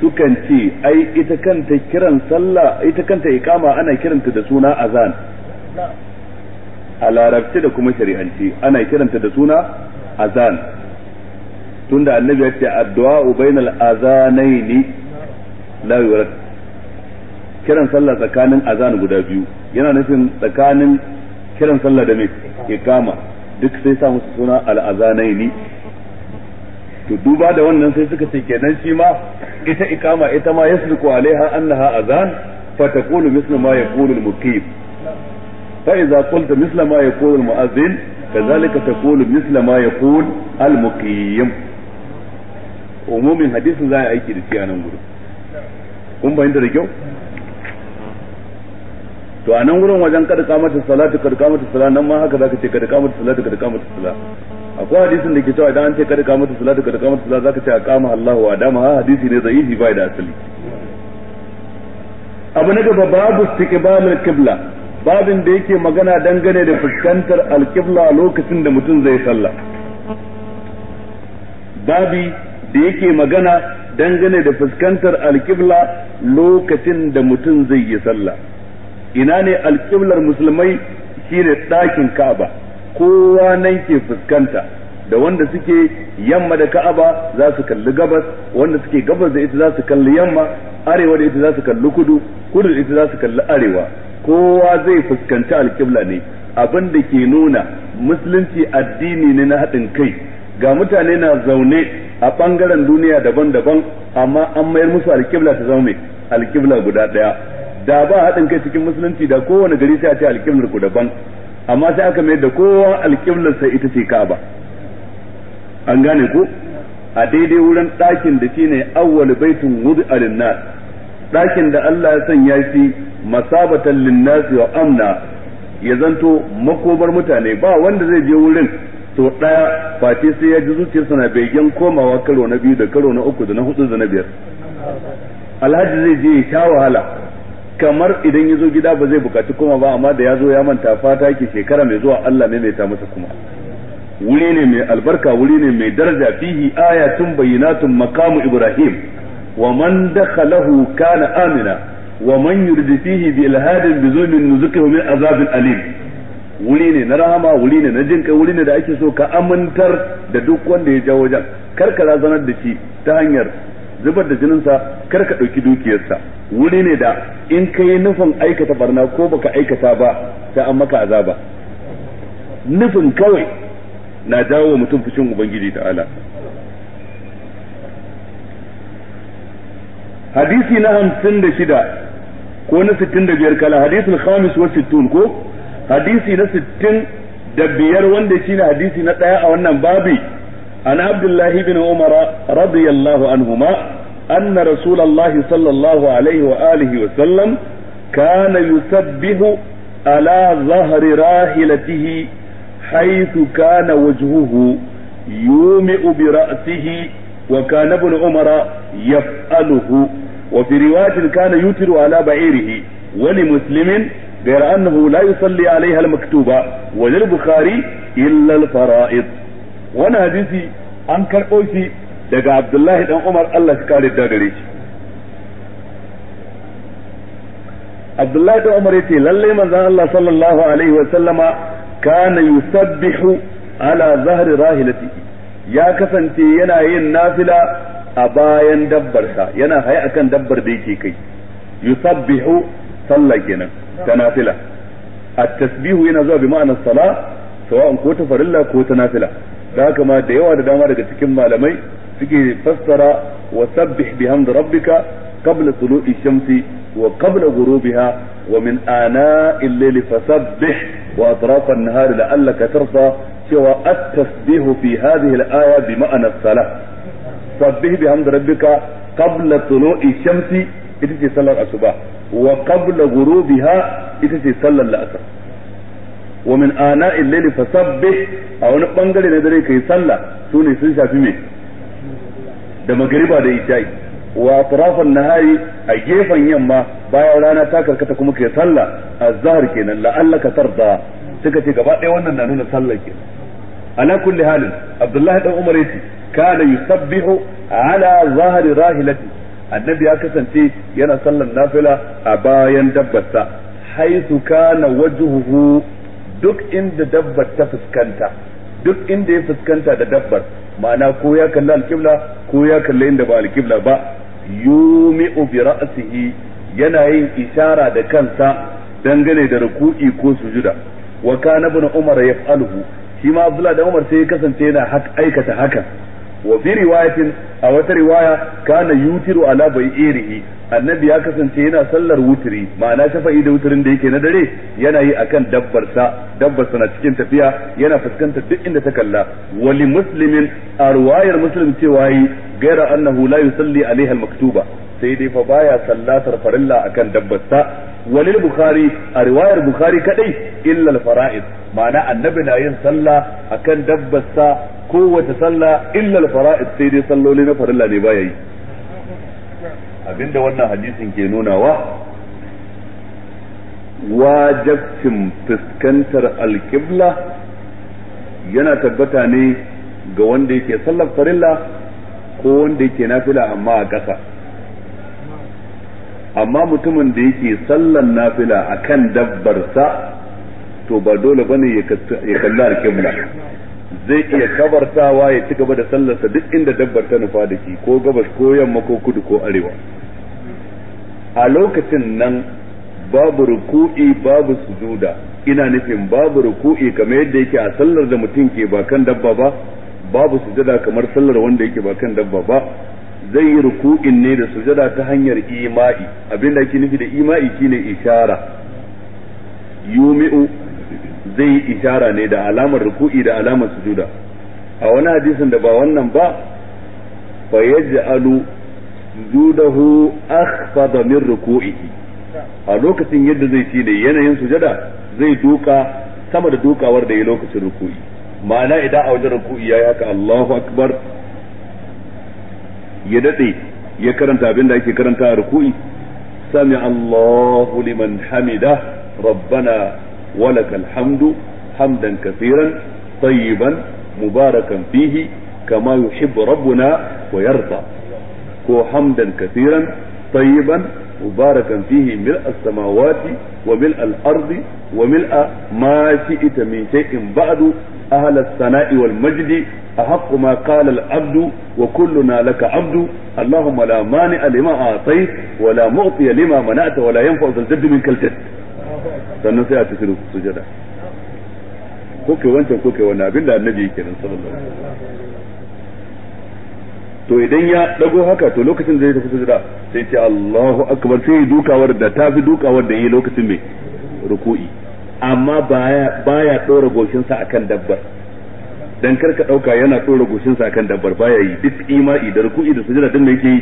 sukan ce ai ita kanta kiran sallah ita kanta ikama ana kiranta da suna azan a larabci da kuma shari'anci ana kiranta da suna azan tunda annabi ya ce addu'a bainal azanaini la yurad kiran sallah tsakanin azan guda biyu yana nufin tsakanin kiran sallah da mai ikama duk sai sa musu suna al'azanaini to duba da wannan sai suka ce kenan shi ma ita ikama ita ma yasliku alaiha annaha azan fa taqulu mislu ma yaqulu al-muqim fa idza qulta misla ma yaqulu al-mu'azzin kadhalika taqulu misla ma yaqulu al-muqim umumin hadisin za a aiki da shi a nan gurin kun bayan da kyau to a nan gurin wajen kada kamata salatu kada kamata salatu nan ma haka zaka ce kada kamata salatu kada kamata a akwai hadisin da ke cewa idan an ce kada kamata salatu kada kamata sala zaka ce kama Allahu wa dama ha hadisi ne zaifi bai da asali abu na gaba babu ke al-qibla babin da yake magana dangane da fuskantar al lokacin da mutum zai sallah babi da yake magana dangane da fuskantar alƙibla lokacin da mutum zai yi sallah ina ne alƙiblar musulmai shine ɗakin ka'aba kowa nan ke fuskanta da wanda suke yamma da ka'aba za su kalli gabas wanda suke gabas da ita za su kalli yamma arewa da ita za su kalli kudu kudu da ita za su kalli arewa kowa zai fuskanci alƙibla ne abin da ke nuna musulunci addini ne na haɗin kai ga mutane na zaune a bangaren duniya daban-daban amma an mayar musu alƙibla ta zama mai alƙibla guda ɗaya da ba haɗin kai cikin musulunci da kowane gari sai a ce alƙiblar ku daban amma sai aka mayar da kowa alƙiblar sai ita ce Ka'aba an gane ku a daidai wurin ɗakin da shi ne awwal baitun wud'a lin ɗakin da Allah ya sanya shi masabatan lin wa amna ya zanto makobar mutane ba wanda zai je wurin to ɗaya face sai ya ji sa na begen komawa karo na biyu da karo na uku da na hudu da na biyar alhaji zai je ya sha wahala kamar idan ya zo gida ba zai bukaci koma ba amma da ya zo ya manta fata ke shekara mai zuwa Allah ne mai ta masa kuma wuri ne mai albarka wuri ne mai daraja fihi ayatun bayyinatun maqamu ibrahim wa man dakhalahu kana amina wa man yurid fihi bi ilhadin bi zulmin min azabin alim wuri ne na rahama wuri ne na jin wuri ne da ake so ka amintar da duk wanda ya jawo jan kar ka razanar da shi ta hanyar zubar da jininsa kar ka ɗauki dukiyarsa wuri ne da in ka yi nufin aikata barna ko baka aikata ba ta an maka azaba nufin kawai na jawo mutum fushin ubangiji ta'ala hadisi na hamsin da shida ko na sittin da biyar kala hadisul khamis wa sittun ko hadisi na sittin da biyar wanda shine hadisi na ɗaya a wannan babi an abdullahi bin umar radiyallahu anna rasulullahi kana yusabbihu ala zahri rahilatihi حيث كان وجهه يومئ برأسه وكان ابن عمر يفعله وفي رواية كان يوتر على بعيره ولمسلم غير أنه لا يصلي عليها المكتوبة وللبخاري إلا الفرائض وانا حديثي أنكر أوشي دقى عبد الله بن عمر الله شكال الدادريش عبد الله بن عمر يتي للي من الله صلى الله عليه وسلم كان يسبح على ظهر راهلته ya kasance yana yin nafila a bayan dabbarsa yana haya akan dabbar da yake kai yusabbihu sallah kenan ta nafila at-tasbihu yana zuwa bi ma'anar sala sawa'an ko ta farilla ko ta nafila da haka ma da yawa da dama daga cikin malamai suke fassara wa sabbih bihamdi rabbika qabla tulu'i shamsi wa qabla ghurubiha wa min ana al fasabbih wa atraf an-nahari la'allaka tarda cewa at-tasbihu fi hadhihi al-aya bi ma'anar sala sabbih bihamdi rabbika qabla tulu'i shamsi ita ce sallar asuba wa qabla ghurubiha ita ce sallar la'asar wa min ana layli fasabbih a wani bangare na dare kai sallah ne sun shafi me da magariba da isha'i wa atrafan nahari a gefen yamma bayan rana ta karkata kuma kai sallah azhar kenan la'allaka tarda suka ce gaba ɗaya wannan na nuna sallar kenan ala kulli halin abdullahi dan umar yace kana yusabbihu ala zahri rahilati annabi ya kasance yana sallar nafila a bayan dabbarsa haisu kana wajhuhu duk inda dabbar ta fuskanta duk inda ya fuskanta da dabbar ma'ana ko ya kalli alkibla ko ya kalli inda ba alkibla ba yumi'u bi ra'sihi yana yin ishara da kansa dangane da ruku'i ko sujuda wa kana ibn umar yaf'aluhu shi ma abdullahi da umar sai ya kasance yana aikata hakan wa fi a wata riwaya kana yutiru ala bai'irihi annabi ya kasance yana sallar wutiri ma'ana shafa'i da wutirin da yake na dare yana yi akan dabbarsa dabbarsa na cikin tafiya yana fuskantar duk inda ta kalla wali muslimin a riwayar muslim cewa yi gaira annahu la yusalli alaiha al-maktuba sai dai fa baya sallatar farilla akan dabbarsa walil bukhari a riwayar bukhari kadai illa al-fara'id ma'ana annabi na yin sallah akan dabbarsa kowace sallah illa al-fara'id sai dai salloli na farilla ne ba yi abinda wannan hadisin ke nunawa wajabcin fuskantar alkibla yana tabbata ne ga wanda yake sallar farilla ko wanda yake nafila amma a ƙasa amma mutumin da yake sallan nafila kan dabbarsa to ba dole ba ne ya kalli alƙibla zai iya kabartawa ya ci gaba da sallarsa duk inda dabbar ta nufa da shi ko gabas ko yamma ko kudu ko arewa a lokacin nan babu ruku'i babu sujuda ina nufin babu ruku'i kamar yadda yake a sallar da mutum ke ba kan dabba ba babu sujada kamar sallar wanda yake ba kan dabba ba zai yi ruku'in ne da sujada ta hanyar ima'i abinda ake nufi da ima'i shine ishara yumi'u zai yi ishara ne da alamar ruku'i da alamar sujuda a wani hadisin da ba wannan ba fa yaj'alu sujudahu akhfada min ruku'ihi a lokacin yadda zai ci da yanayin sujada zai duka sama da dukawar da ya lokacin ruku'i ma'ana idan a wajen ruku'i yi haka Allahu akbar ya daɗe ya karanta abin da ake karanta a ruku'i sami Allahu liman hamida rabbana walakal hamdu hamdan kafiran tayyiban mubarakan fihi kama yuhibbu rabbuna wa yarda ko hamdan kafiran tayyiban مباركا wa mil السماوات وملء wa وملء ما شئت من in ba'adu. أهل الثناء والمجد أحق ما قال العبد وكلنا لك عبد اللهم لا مانع لما أعطيت ولا معطي لما منعت ولا ينفع ذا الجد منك الجد sannan تسلو a tafi وانت sujada وانا بالله النبي ko صلى الله عليه da to idan ya dago haka to lokacin da zai tafi sujada sai ce Allahu akbar sai dukawar da tafi dukawar da yi lokacin mai ruku'i amma baya ɗora goshinsa akan dabbar dan karka ɗauka yana ɗora goshinsa akan dabbar baya yi duk ima'i da ruku'i da sujada din yake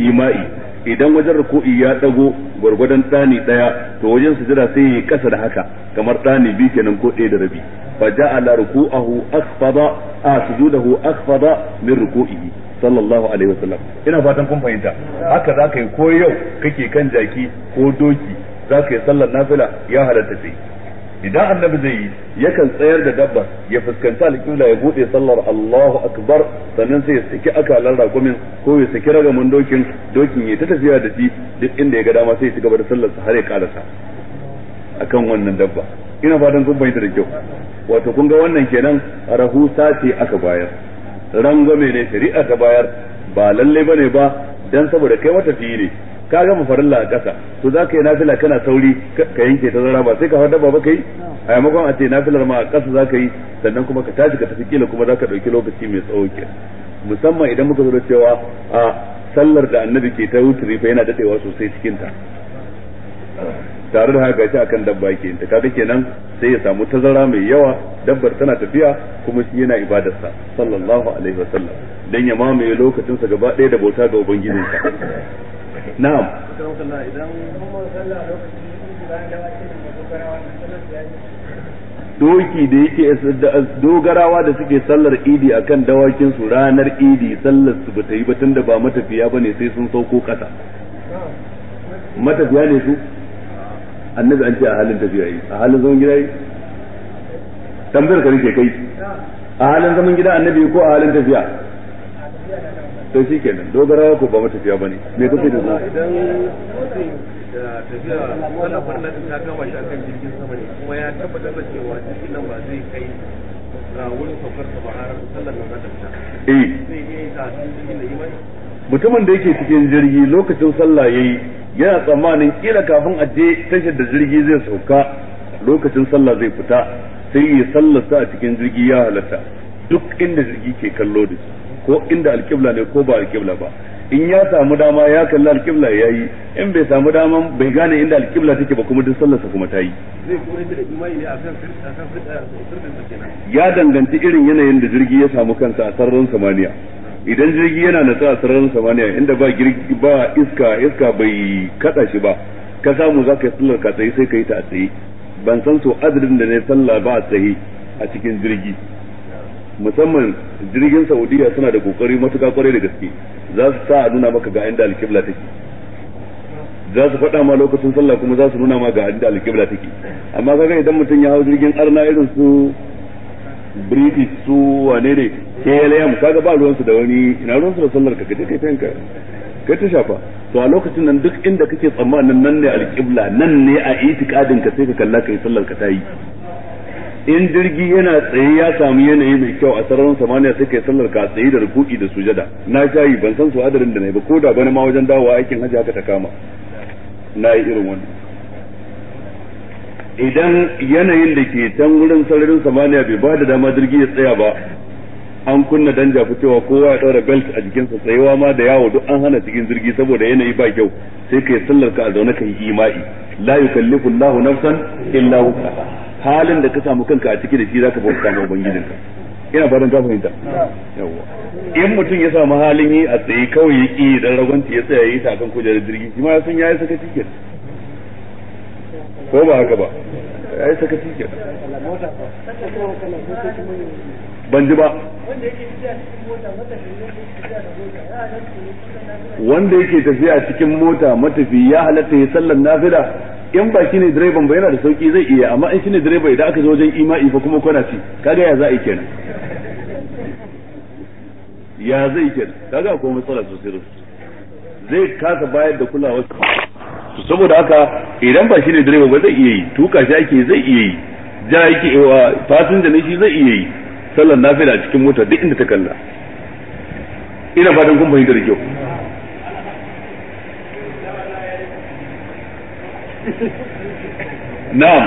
ima'i idan wajen ruku'i ya ɗago gwargwadon ɗani ɗaya to wajen sujada sai yi ƙasa da haka kamar ɗani biyu kenan ko ɗaya da rabi fa ja'ala ruku'ahu akhfada a sujudahu akhfada min ruku'ihi sallallahu alaihi wasallam ina fatan kun fahimta haka zaka yi ko yau kake kan jaki ko doki zaka yi sallar nafila ya halatta sai idan annabi zai yi yakan tsayar da dabba ya fuskanci alƙibla ya buɗe sallar Allahu akbar sannan sai ya saki akalan rakumin ko ya saki ragamin dokin dokin ya ta tafiya da shi duk inda ya ga dama sai ya ci gaba da sallar har ya karasa akan wannan dabba ina fatan kun bayyana da kyau wato kun ga wannan kenan rahusa ce aka bayar rangwame ne shari'a ta bayar ba lallai lalle ne ba dan saboda kai wata fiye ne ka gama farilla a ƙasa to za ka yi nafila kana sauri ka yanke ta zara ba sai ka hada ba ka yi a maimakon a ce nafilar ma a ƙasa za ka yi sannan kuma ka tashi ka tafi kila kuma za ka ɗauki lokaci mai tsawo ke musamman idan muka zo cewa a sallar da annabi ke ta wuturi fa yana daɗewa sosai cikin ta tare da haka shi akan dabba ke yin ta kenan sai ya samu tazara mai yawa dabbar tana tafiya kuma shi yana ibadarsa sallallahu alaihi wasallam dan ya mamaye lokacinsa gaba ɗaya da bauta ga ubangijinsa na'am doki da yake dogarawa da suke sallar idi akan dawakin su ranar idi sallar su bata yi ba tunda ba matafiya bane sai sun sauko kasa matafiya ne su annabi an ce a halin tafiya yi a halin zaman gida yi tambayar ka nake kai a halin zaman gida annabi ko a halin tafiya to shi kenan dogara ko ba matafiya bane me kake da idan tafiya ta kama shi jirgin sama ne kuma ya tabbatar da cewa ba zai kai fita eh ta jirgin da mutumin da yake cikin jirgi lokacin sallah yayi yana tsammanin kila kafin a je tashar da jirgi zai sauka lokacin sallah zai fita sai ya sallarsa a cikin jirgi ya halatta duk inda jirgi ke kallo da su ko inda alƙibla ne ko ba alƙibla ba in ya samu dama ya kalli alƙibla ya yi in bai samu dama bai gane inda alƙibla take ba kuma duk sallarsa kuma ta yi ya danganci irin yanayin da jirgi ya samu kansa a sararin samaniya idan jirgi yana natsa a sararin samaniya inda ba girgi ba iska iska bai kada shi ba ka samu za ka yi sallar ka tsaye sai ka yi ta a tsaye ban san so adadin da na sallah ba a tsaye a cikin jirgi musamman jirgin saudiya suna da kokari matuƙa kwarai da gaske za su sa a nuna maka ga inda alkibla take za su faɗa ma lokacin sallah kuma za su nuna ma ga inda alkibla take amma kaga idan mutum ya hau jirgin arna irin su british su wane ne klm kaga ba ruwansu da wani ina ruwansu da sallar ka kaje kai ka kai ta shafa to a lokacin nan duk inda kake tsammanin nan ne alkibla nan ne a itikadin ka sai ka kalla kai sallar ka ta yi in jirgi yana tsaye ya samu yanayi mai kyau a sararin samaniya sai kai sallar ka tsaye da rukuki da sujada na shayi ban san su adarin da yi ba ko da bani ma wajen dawowa aikin hajji haka ta kama na yi irin wannan idan yanayin da ke can wurin sararin samaniya bai ba da dama jirgi ya tsaya ba an kunna danja fitowa kowa ya daura belt a jikinsa tsayewa ma da yawo duk an hana cikin jirgi saboda yanayi ba kyau sai kai sallar ka a zaune ka yi imai la yukallifu Allahu nafsan illa wusaha halin da ka samu kanka a ciki da shi zaka bauta ma ubangijinka ina fatan ka fahimta yawa in mutum ya samu halin yi a tsaye kawai ya ki dan ragwanci ya tsaya yi ta kan kujerar jirgi shi ma san yayi saka tiket ko ba haka ba yayi saka tiket ban ji ba wanda yake tafiya cikin mota matafi ya halatta ya sallan nafila in ba shine direban ba yana da sauki zai iya amma in shine direba idan aka zo wajen ima'i fa kuma kwana ce kaga ya za a kenan ya zai kenan kaga ko matsala sosai zai kasa bayar da kulawa saboda haka idan ba shine direba ba zai iya yi tuka shi ake zai iya yi ja yake eh, wa fasinja ne shi zai iya yi sallar nafila cikin mota duk inda ta kalla ina fatan kun fahimta da kyau na'am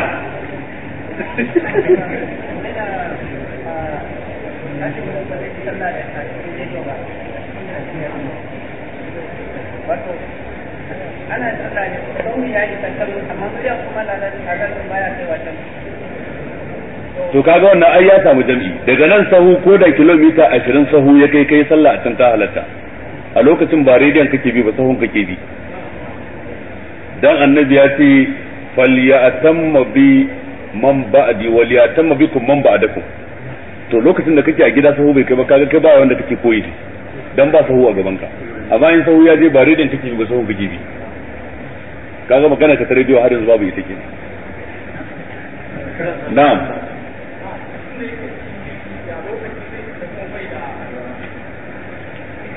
to kaga wannan ai ya samu jam'i daga nan sahu ko da kilomita ashirin sahu ya kai kai sallah a can ta halatta a lokacin ba rediyon kake bi ba sahun kake bi dan annabi ya ce falyatamma bi man ba'di walyatamma bikum man ba'dakum to lokacin da kake a gida sahu bai kai ba kaga kai ba wanda kake koyi dan ba sahu a gaban ka amma in sahu ya je ba redin take ba sahu kake bi kaga magana ka ta rediyo har yanzu babu ita kenan na'am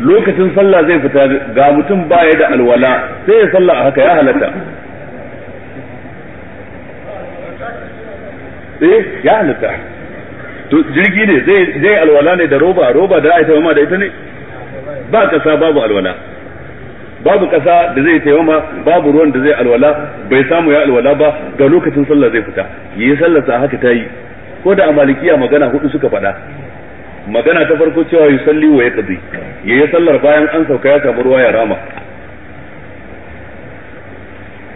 lokacin sallah zai fita ga mutum baya da alwala sai ya sallah a haka ya halatta eh ya halatta to jirgi ne zai zai alwala ne da roba roba da ai taimama da ita ne ba kasa babu alwala babu kasa da zai taimama babu ruwan da zai alwala bai samu ya alwala ba ga lokacin sallah zai fita yi sallah sa haka tayi ko da a malikiya magana hudu suka faɗa magana ta farko cewa salli wa ya yayi sallar bayan an sauka ya samu ruwa ya rama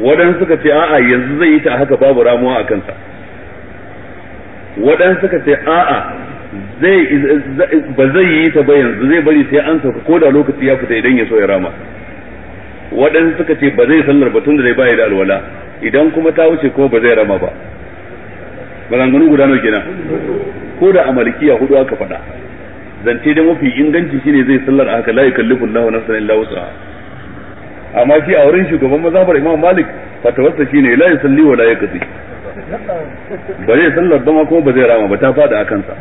waɗansu suka ce a'a yanzu zai yi ta haka babu ramuwa a kansa waɗansu suka ce a'a zai ba zai yi ta ba yanzu zai bari sai an sauka ko da lokaci ya fita idan ya so ya rama waɗansu suka ce ba zai sallar ba tun da zai bayi da alwala idan kuma ta wuce ko ba zai rama ba maganganu guda nawa kenan ko da a malikiya hudu aka faɗa zance da mafi inganci shine zai sallar a haka la yukallifu Allahu nafsan illa wus'aha amma shi a wurin shugaban mazhabar Imam Malik fatawarsa shine la yusalli wa la yaqdi ba zai sallar ba ma kuma ba zai rama ba ta fada a kansa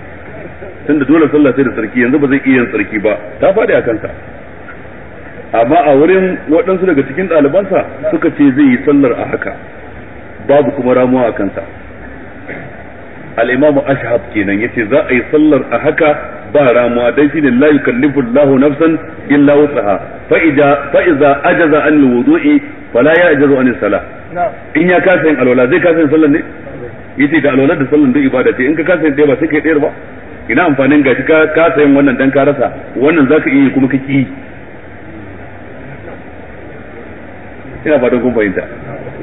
tunda dole sallar sai da sarki yanzu ba zai iya yin sarki ba ta fada a kansa amma a wurin waɗansu daga cikin ɗalibansa suka ce zai yi sallar a haka babu kuma ramuwa a kansa al-imam ashab kenan yace za a yi sallar a haka ba ramuwa dan shine la yukallifu Allahu nafsan illa wusaha fa idza fa idza ajaza an al-wudu'i fala ya'jazu an as-salah in ya kasa yin alwala zai kasa yin sallar ne yace da alwala da sallar duk ibada ce in ka kasa yin ɗaya ba sai kai ɗayar ba ina amfanin gashi ka kasa yin wannan dan ka rasa wannan zaka iya kuma ka ki ina fatan kun fahimta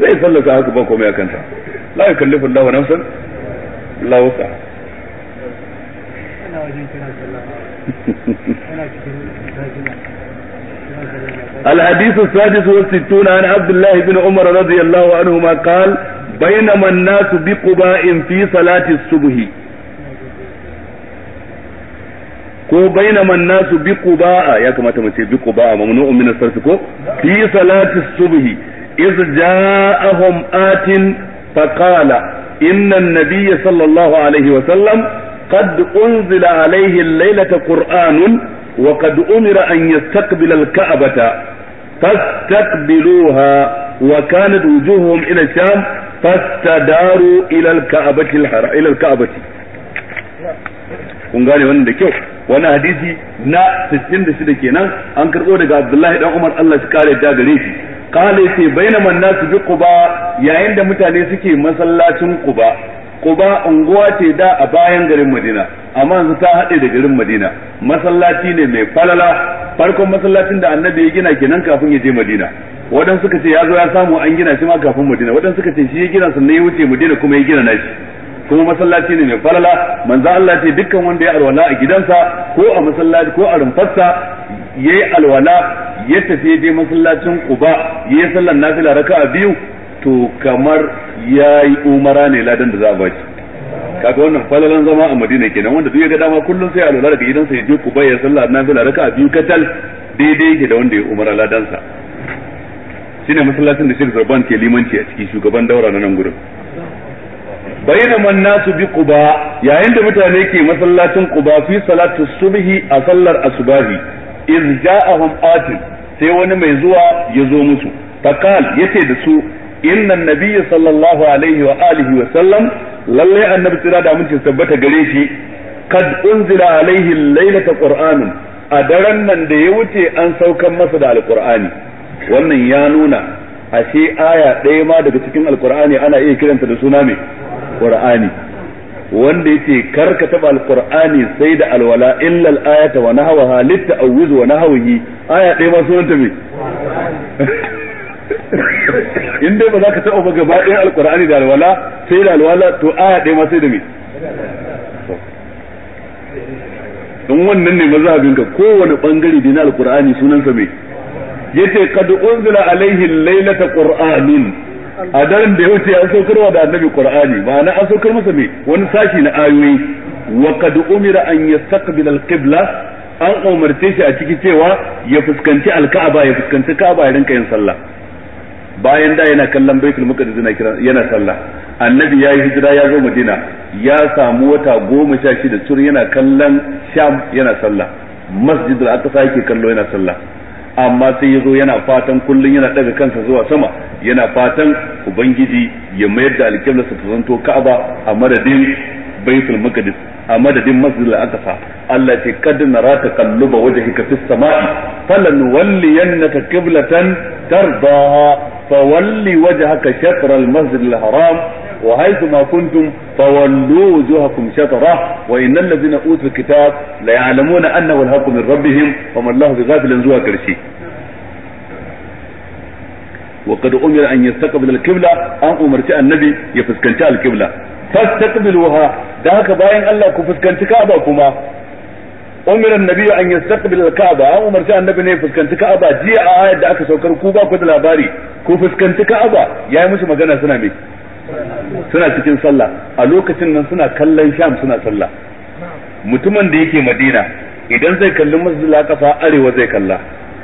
zai sallata haka ba komai a kanta la yukallifu Allahu nafsan lauka الحديث السادس والستون عن عبد الله بن عمر رضي الله عنهما قال بينما الناس بقباء في صلاة الصبح ko bainaman nasu bi quba'a ya kamata mu ce bi quba'a mamnu'un min as ko fi salati subhi iz ja'ahum atin innan nabiyya sallallahu alaihi wa sallam qad unzila alaihi laylata qur'anun wa qad umira an yastaqbila al-ka'bata fastaqbiluha wa kanat wujuhuhum ila sham fastadaru ila al ila kun gane wannan da kyau wannan hadisi na 66 kenan an karbo daga Abdullahi dan Umar Allah shi kare ta gare shi qala yace bainama nasu bi quba yayin da mutane suke masallacin quba quba unguwa ce da a bayan garin madina amma yanzu ta haɗe da garin madina masallaci ne mai falala farkon masallacin da annabi ya gina kenan kafin ya je madina wadan suka ce ya zo ya samu an gina shi ma kafin madina wadan suka ce shi ya gina sannan ya wuce madina kuma ya gina nashi kuma masallaci ne mai falala manzo Allah ce dukkan wanda ya alwala a gidansa ko a masallaci ko a rumfarsa yayi alwala ya tafi je masallacin Quba ya sallar nafila raka'a biyu to kamar yayi umara ne ladan da za a baki kaga wannan falalan zama a Madina kenan wanda duk ya ga dama kullum sai a lura daga gidansa ya je Quba ya sallar nafila raka'a biyu katal daidai yake da wanda ya umara ladan sa shine masallacin da Sheikh Zarban ke limanci a ciki shugaban daura na nan gurin bainama nasu bi quba yayin da mutane ke masallacin quba fi salatu subhi a sallar asubahi iz ja'ahum atin sai wani mai zuwa ya zo musu faqal yace da su inna nabiyyu sallallahu alaihi wa alihi wa sallam lalle annabi tsira da mun tabbata gare shi kad unzila alaihi lailata qur'an a daren nan da ya wuce an saukan masa da alqur'ani wannan ya nuna ashe aya ɗaya ma daga cikin alqur'ani ana iya kiranta da suna mai qur'ani wanda yake kar ka taba alqur'ani sai da alwala illa alayata wa nahwaha lit-ta'awwiz wa nahwihi aya ɗaya ma sunanta me in dai ba za ka taɓa ba gaba ɗaya da alwala sai da alwala to aya ɗaya ma sai da me in wannan ne mazhabin ka kowane bangare dai na alqur'ani sunansa me yace qad unzila alaihi laylata qur'anin a daren da ya wuce an saukarwa da annabi qur'ani ma'ana an saukar masa me wani sashi na ayoyi wa qad umira an yastaqbil al-qibla an umarce shi a ciki cewa ya fuskanci al-ka'aba ya fuskanci ka'aba ya rinka yin sallah bayan da yana kallon baitul maqdis yana kira yana sallah annabi ya yi hijira ya zo madina ya samu wata goma sha shida sur yana kallon sham yana sallah masjidul aqsa yake kallo yana sallah amma sai ya zo yana fatan kullum yana daga kansa zuwa sama yana fatan ubangiji ya mayar da alƙibla su zanto Ka'aba a madadin Baitul Maqdis a madadin Masjidil Aqsa Allah ce kad nara taqalluba wajhika fis sama'i falan walliyannaka qiblatan tardaha fawalli wajhaka shatr al-masjid haram وحيث ما كنتم فولوا وجوهكم شطرة وإن الذين أوتوا الكتاب ليعلمون أنه الحق من ربهم وما الله بغافل زوى كرشي وقد أمر أن يستقبل القبلة أن أمرت النبي يفسكنت القبلة فاستقبلوها ذاك باين الله كفسكنت كعبة كما umira annabi an yastaqbil الكعبة أو an umarci annabi ne fuskanci ka'aba jiya a ayar da aka saukar ku ba ku da labari ku fuskanci ka'aba yayi musu magana suna mai suna cikin sallah a lokacin nan suna kallon sham suna sallah mutumin da yake madina idan zai kalli masjidil aqsa arewa zai kalla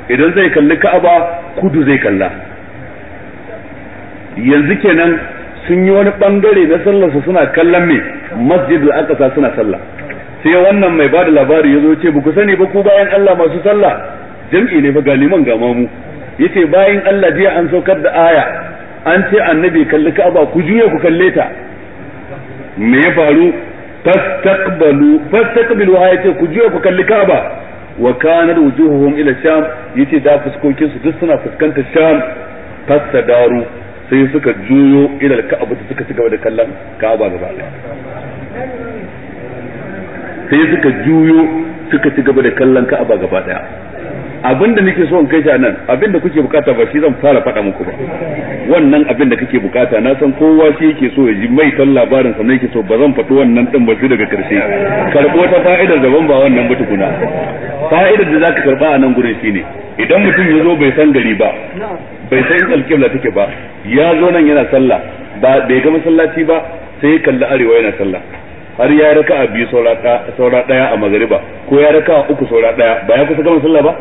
idan zai kalli ka'aba kudu zai kalla yanzu kenan sun yi wani bangare na sallarsa suna kallon me masjidil aqsa suna sallah sai wannan mai bada labari ya zo ce ba ku sani ba ku bayan Allah masu sallah jam'i ne ba galiman ga mamu yace bayan Allah jiya an saukar da aya an ce annabi kalli ka'aba ku juye ku kalle ta me ya faru fastaqbalu fastaqbilu ha yace ku juye ku kalli ka'aba wa kanat wujuhuhum ila sham yace da fuskokin su duk suna fuskantar sham fastadaru sai suka juyo ila ka'aba suka ci gaba da kallon ka'aba gaba sai suka juyo suka ci gaba da kallon ka'aba gaba daya abin da nake so in kai shi nan abinda kuke bukata ba shi zan fara faɗa muku ba wannan abin da kake bukata na san kowa shi yake so ya ji mai tan labarin sa yake so ba zan faɗi wannan din ba shi daga karshe karɓo ta fa'idar daban ba wannan ba tukuna fa'idar da zaka karba a nan gurin ne. idan mutum ya zo bai san gari ba bai san in alƙibla take ba ya zo nan yana sallah ba bai ga masallaci ba sai ya kalli arewa yana sallah har ya raka a biyu saura daya a magariba ko ya raka uku saura daya ba ya kusa gama sallah ba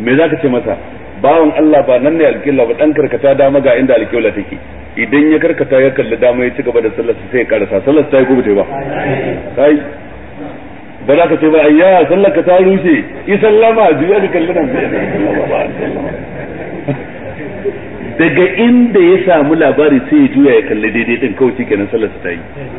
me zaka ce masa bawan Allah ba nan ne alƙilla ba dan karkata dama ga inda alƙilla take idan ya karkata ya kalli dama ya ci gaba da sallarsa sai ya karasa sallarsa ta yi ko ba kai ba za ka ce ba ayya sallar ka ta rushe yi sallama juya da kalli nan daga inda ya samu labari sai ya juya ya kalli daidai din kawai kenan sallarsa ta yi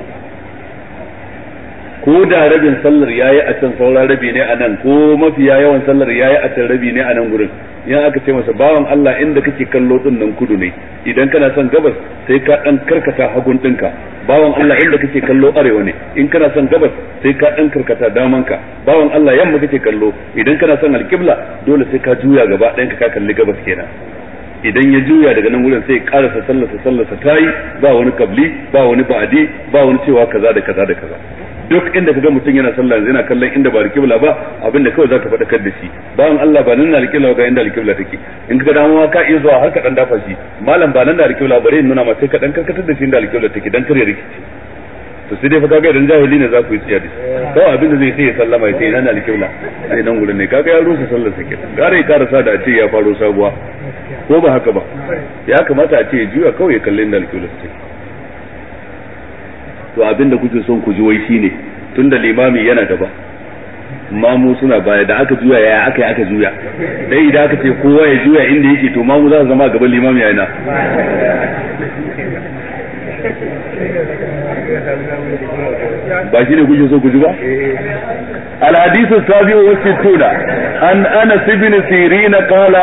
ko da rabin sallar yayi a can sauran rabi ne a nan ko mafiya yawan sallar yayi a can rabi ne a nan gurin yan aka ce masa bawan Allah inda kake kallo din nan kudu ne idan kana son gabas sai ka dan karkata hagun dinka bawan Allah inda kake kallo arewa ne in kana son gabas sai ka dan karkata damanka bawan Allah yamma kake kallo idan kana son alkibla dole sai ka juya gaba dan ka kalli gabas kenan idan ya juya daga nan wurin sai karasa sallarsa sallarsa tayi ba wani kabli ba wani ba'adi ba wani cewa kaza da kaza da kaza duk inda kaga mutum yana sallah yana kallon inda ba rikibla ba abin da kawai zaka faɗakar da shi bayan Allah ba nan rikibla alkibla ga inda rikibla take in kaga dama ka iya zuwa har ka dan dafa shi malam ba nan da alkibla bare nuna ma sai ka dan karkatar da shi inda rikibla take dan kare rikici to sai dai fa kaga dan jahili ne za ku yi tsiyadi kawai abin da zai sai ya sallama ya ce nan da rikibla sai nan gurin ne kaga ya rusa sallar sa kenan gara ya karasa da a ce ya faro sabuwa ko ba haka ba ya kamata a ce ya juya kawai ya kalle inda rikibla take to abinda kuke son ku ji wai shine tunda limami yana gaba mamu suna baya da aka juya yaya aka yi aka juya dai idan aka ce kowa ya juya inda yake to mamu za su zama gaban limami yana ba shi ne kuke so ku ji ba الحديث السابع والستون عن انس بن سيرين قال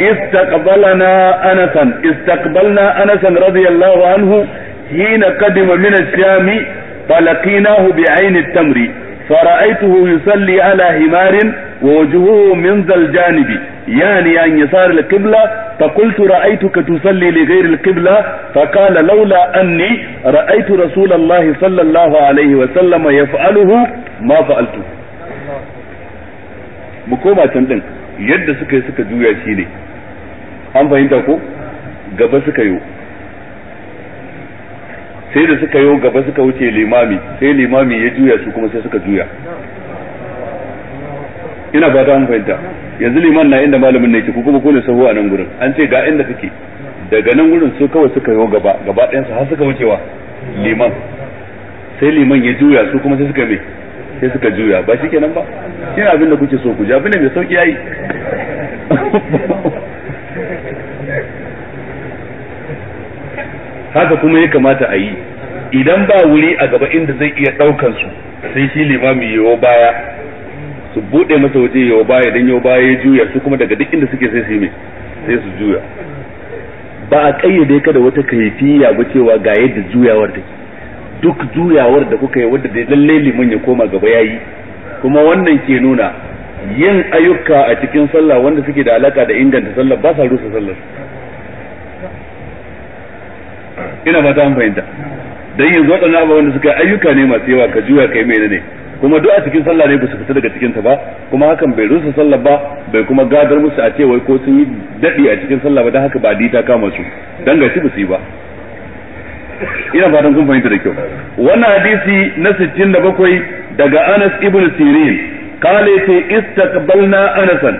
استقبلنا انسا استقبلنا انسا رضي الله عنه hina qadima min ash-shami falaqinahu bi ayn at-tamri فرأيته يصلي على حمار ووجهه من ذا الجانب يعني عن يسار القبلة فقلت رأيتك تصلي لغير القبلة فقال لولا أني رأيت رسول الله صلى الله عليه وسلم يفعله ما فعلته mukoma can din yadda suka yi suka juya shi ne an fahimta ko gaba suka yi sai da suka yi gaba suka wuce limami sai limami ya juya su kuma sai suka juya ina ba an fahimta yanzu liman na inda malamin ne ke ku kuma kone sahuwa a nan gurin an ce ga inda kake daga nan gurin su kawai suka yi gaba gaba ɗayan su har suka wucewa liman sai liman ya juya su kuma sai suka mai sai suka juya ba shi kenan ba ina abin da kuke so ku ji abin da mai sauki yayi haka kuma ya kamata a yi idan ba wuri a gaba inda zai iya daukan su sai shi limami yayo baya su bude masa waje yayo baya dan yayo baya ya juya su kuma daga duk inda suke sai su yi sai su juya ba a kayyade ka da wata kaifiya ba cewa ga yadda juyawar take duk juyawar da kuka yi wadda lalle liman ya koma gaba yayi kuma wannan ke nuna yin ayyuka a cikin sallah wanda suke da alaka da inganta sallah ba sa rusa sallar ina ba ta fahimta dan yanzu waɗannan ababen da suka ayyuka ne masu yawa ka juya kai mai ne kuma duk a cikin sallah ne ba su fita daga cikin ta ba kuma hakan bai rusa sallah ba bai kuma gadar musu a ce wai ko sun yi dadi a cikin sallah ba dan haka ba dita ta kama su dan ga shi ba su yi ba ina fatan kun fahimta da kyau wannan hadisi na 67 daga Anas ibn Sirin kale ce istaqbalna Anasan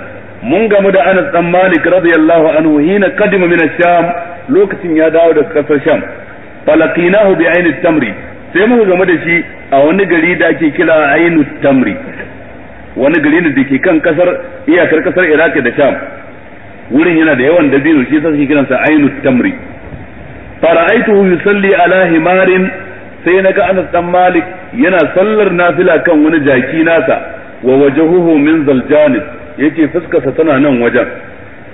mun gamu da Anas dan Malik radiyallahu anhu hina kadima min Sham lokacin ya dawo daga kasar Sham falaqinahu bi ayni tamri sai muka game da shi a wani gari da ake kira ayni tamri wani gari ne da kan kasar iyakar kasar iraq da sham wurin yana da yawan dabino shi yasa suke kiransa ayni tamri fara'aituhu yusalli ala himarin sai naga Anas dan Malik yana sallar nafila kan wani jaki nasa wa wajahuhu min zaljanib yake fuskarsa tana nan wajen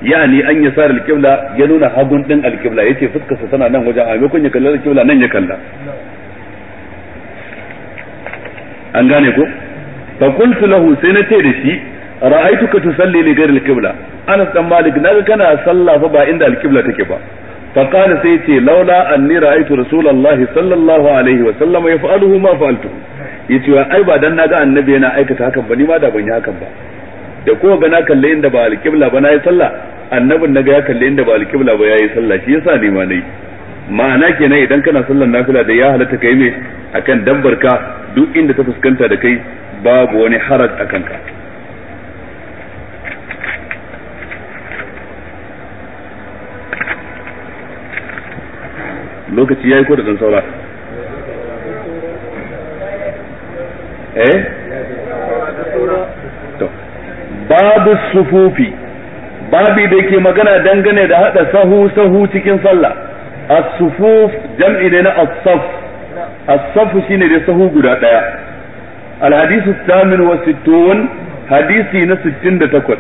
yani an sa alƙibla ya nuna hagun ɗin alƙibla yace fuskar sa tana nan wajen a maimakon ya kalli alƙibla nan ya kalla an gane ko fa qultu lahu sai na ce da shi ra'aytuka tusalli li ghairi alƙibla anas dan malik na ga kana sallah fa ba inda ta take ba fa qala sai ce laula anni ra'aitu rasulullahi sallallahu alaihi wa sallam yaf'aluhu ma fa'altu yace ai ba dan na naga annabi yana aikata hakan ba ni ma da ban yi hakan ba da ko ga na kalle inda ba alƙibla ba na yi sallah annabin na ga ya kalle inda ba alƙibla ba ya yi sallah shi yasa ne ma nayi ma'ana kenan idan kana sallan nafila da ya halatta kai ne akan ka duk inda ta fuskanta da kai babu wani haraj a kanka lokaci yayi ko da dan saura eh babu sufufi babi da ke magana dangane da hada sahu sahu cikin sallah as-sufuf jam'i ne na as-saf as-saf shine da sahu guda daya alhadisi hadith as-samin wa sittun hadisi na 68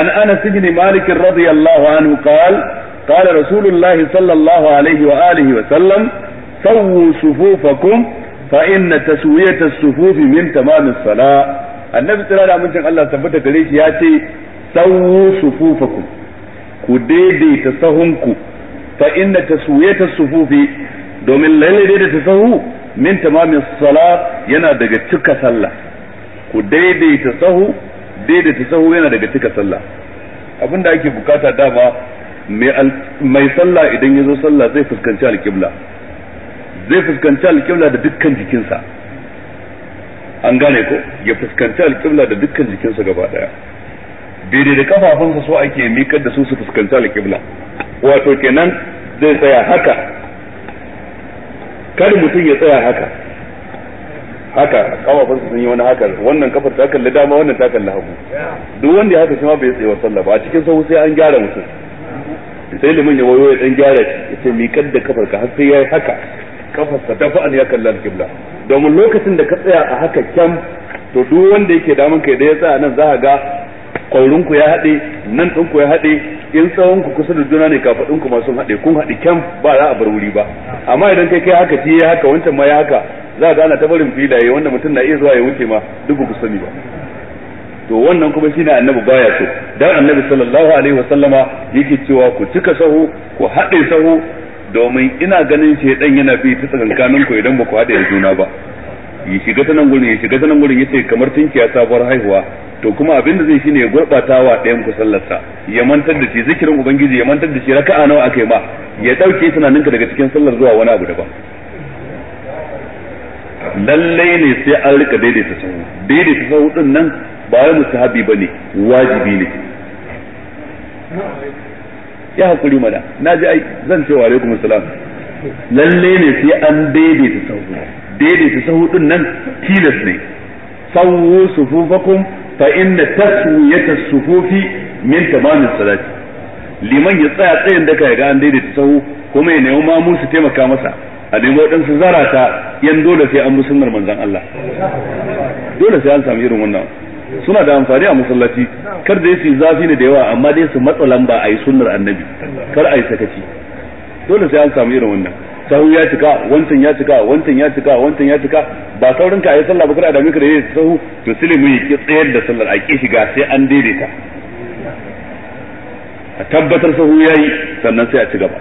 an anas ibn malik radiyallahu anhu qala قال رسول الله صلى الله عليه وآله وسلم سووا صفوفكم فإن تسوية الصفوف من تمام الصلاة annabi tsira da amincin Allah tabbata gare shi ya ce sawu sufufakum ku daidaita sahunku fa inna tasuyata sufufi domin lalle daidaita sahu min tamamin salat yana daga cika sallah ku daidaita sahu daidaita sahu yana daga cika sallah abinda ake bukata dama mai sallah idan ya zo sallah zai fuskanci alkibla zai fuskanci alkibla da dukkan jikinsa an gane ko ya fuskanci alƙibla da dukkan jikinsa gaba ɗaya daidai da kafafunsa so ake miƙar da su su fuskanci alƙibla wato kenan zai tsaya haka kar mutum ya tsaya haka haka kafafunsa sun yi wani haka wannan kafar ta kalli dama wannan ta kalli hagu duk wanda ya haka shi ma bai tsaye wa sallah ba a cikin sahu sai an gyara mutum sai limin ya wayo ya dan gyara ya ce miƙar da kafar ka har sai ya yi haka kafarsa ta fa'an ya kalli alƙibla domin lokacin da ka tsaya a haka kyam to duk wanda yake damun kai da ya tsaya nan za ga kwaurin ku ya haɗe nan ɗin ku ya haɗe in tsawon ku kusa da juna ne kafaɗin ku masu haɗe kun haɗe kyam ba za a bar wuri ba amma idan kai kai haka ya haka wancan ma ya haka za ga ana ta barin filaye wanda mutum na iya zuwa ya wuce ma duk ku sani ba to wannan kuma shine annabi baya so dan annabi sallallahu alaihi wasallama yake cewa ku cika sahu ku haɗe sahu domin ina ganin shaidan yana bi ta tsakankanin ku idan ba ku da juna ba ya shiga ta nan gurin ya shiga ta nan gurin yace kamar ya sabuwar haihuwa to kuma abin da zai shine ya gurbata wa ɗayan ku sallarsa ya mantar da shi zikirin ubangiji ya mantar da shi raka'a nawa aka yi ma ya dauke tunaninka daga cikin sallar zuwa wani abu daban lallai ne sai an rika daidaita sahu daidaita sahu din nan ba wai mustahabi bane wajibi ne ya hakuri mana na ji ai zan ce wa alaikum salam lalle ne sai an daidaita sahu daidaita sahu din nan tilas ne sawu sufufakum fa inna taswiyata sufufi min tamamis salati liman ya tsaya tsayin daka ya ga an daidaita sahu kuma ya nemi mamu su taimaka masa a nemi waɗansu zarata yan dole sai an bi sunnar manzon Allah dole sai an samu irin wannan suna da amfani a masallaci kar da su zafi ne da yawa amma dai su matsa lamba a yi sunnar annabi kar a yi sakaci dole sai an samu irin wannan sahu ya cika wancan ya cika wancan ya cika wancan ya cika ba saurin ka a yi sallah ba kar a dami ka da yin sahu to silimi ya tsayar da sallar a ki shiga sai an daidaita a tabbatar sahu yi sannan sai a ci gaba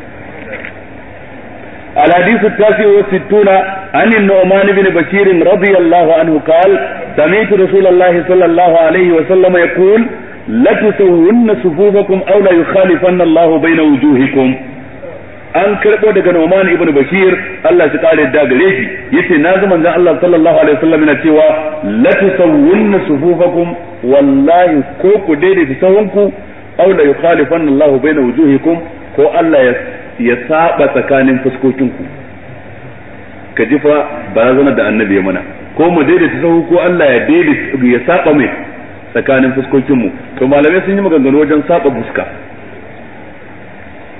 الحديث التاسع والستون عن النعمان بن بشير رضي الله عنه قال سمعت رسول الله صلى الله عليه وسلم يقول لتسون صفوفكم أو لا يخالفن الله بين وجوهكم an karbo daga Numan ibn Bashir Allah shi kare da gare shi yace na ji manzon Allah sallallahu alaihi wasallam yana cewa la tusawwunna sufufakum wallahi ko ku daidaita sahunku aw la yukhalifanna Allah baina wujuhikum ko Allah ya ya saba tsakanin fuskokinku ka ji fa zana da annabi ya mana ko mu daidaita sahu ko Allah ya daidaita ya saba mai tsakanin fuskokinmu to malamai sun yi maganganu wajen saba fuska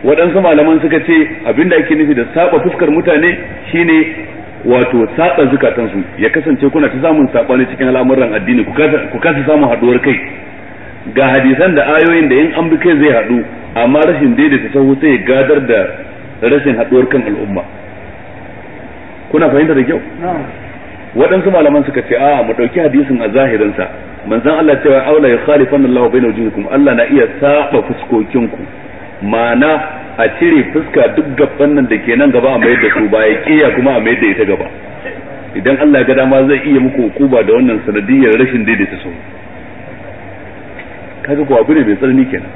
waɗansu malaman suka ce abinda ake nufi da saba fuskar mutane shine wato saba zukatansu ya kasance kuna ta samun ne cikin al'amuran addini ku kasa samun haɗuwar kai ga hadisan da ayoyin da in an bi kai zai haɗu amma rashin daidaita sahu sai gadar da rashin haɗuwar kan al'umma kuna fahimta da kyau waɗansu malaman suka ce a mu ɗauki hadisin a zahirinsa manzon Allah cewa aula ya khalifan Allah bayna wujuhikum Allah na iya saba fuskokinku ma'ana a cire fuska duk gaban nan da ke nan gaba a mayar da su ya kiya kuma a mayar da ita gaba idan Allah ya ga dama zai iya muku kuba da wannan sanadiyar rashin daidaita sahu kaga ko abu ne mai tsanani kenan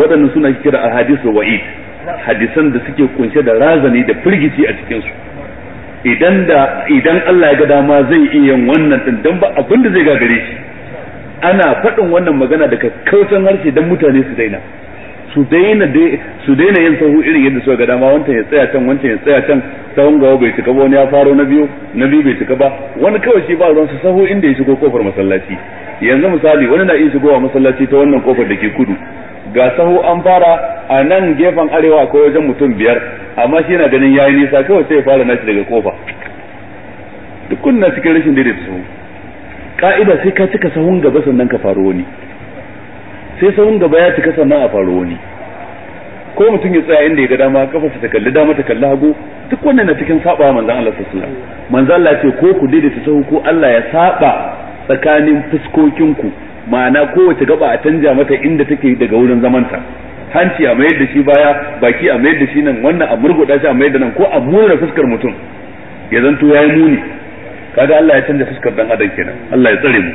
waɗannan suna kira ahadisu wa'id hadisan da suke kunshe da razani da firgici a cikin su idan da idan Allah ya ga dama zai iya yin wannan din dan ba abin da zai gagare shi ana faɗin wannan magana daga kautan harshe dan mutane su daina su daina su daina yin sahu irin yadda suka ga dama wancan ya tsaya can wancan ya tsaya can sahun gawo bai cika ba wani ya faro na biyu na biyu bai cika ba wani kawai shi ba ruwan su sahu inda ya shigo kofar masallaci yanzu misali wani na iya shigowa masallaci ta wannan kofar da ke kudu ga sahu an fara a nan gefen arewa ko wajen mutum biyar amma shi yana ganin yayi nisa kawai sai ya fara nashi daga kofa duk kunna cikin rashin daidaita sahu ka'ida sai ka cika sahun gaba sannan ka faro wani sai sahun gaba ya cika sannan a faru wani ko mutum ya tsaya inda ya ga dama kafarsa ta kalli dama ta kalli hagu duk wannan na cikin saba manzan Allah sallallahu Manzan Allah ce ko ku ta sahu ko Allah ya saba tsakanin fuskokinku ma'ana kowace gaba a canja mata inda take daga wurin zamanta hanci a mayar da shi baya baki a mayar da shi nan wannan a murguda shi a mayar da nan ko a murna fuskar mutum ya zanto yayi muni kaga Allah ya canja fuskar dan adam kenan Allah ya tsare mu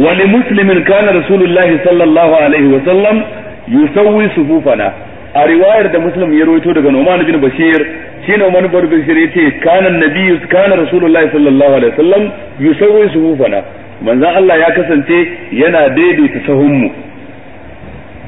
wani muslimin kana rasulullahi sallallahu alaihi wa sallam yusawwi sufufana a riwayar da muslim ya rawaito daga Numan bin Bashir shi Umar bin Bashir yace kana nabiyyu kana rasulullahi sallallahu alaihi wa sallam yusawwi sufufana manzon Allah ya kasance yana daidaita sahunmu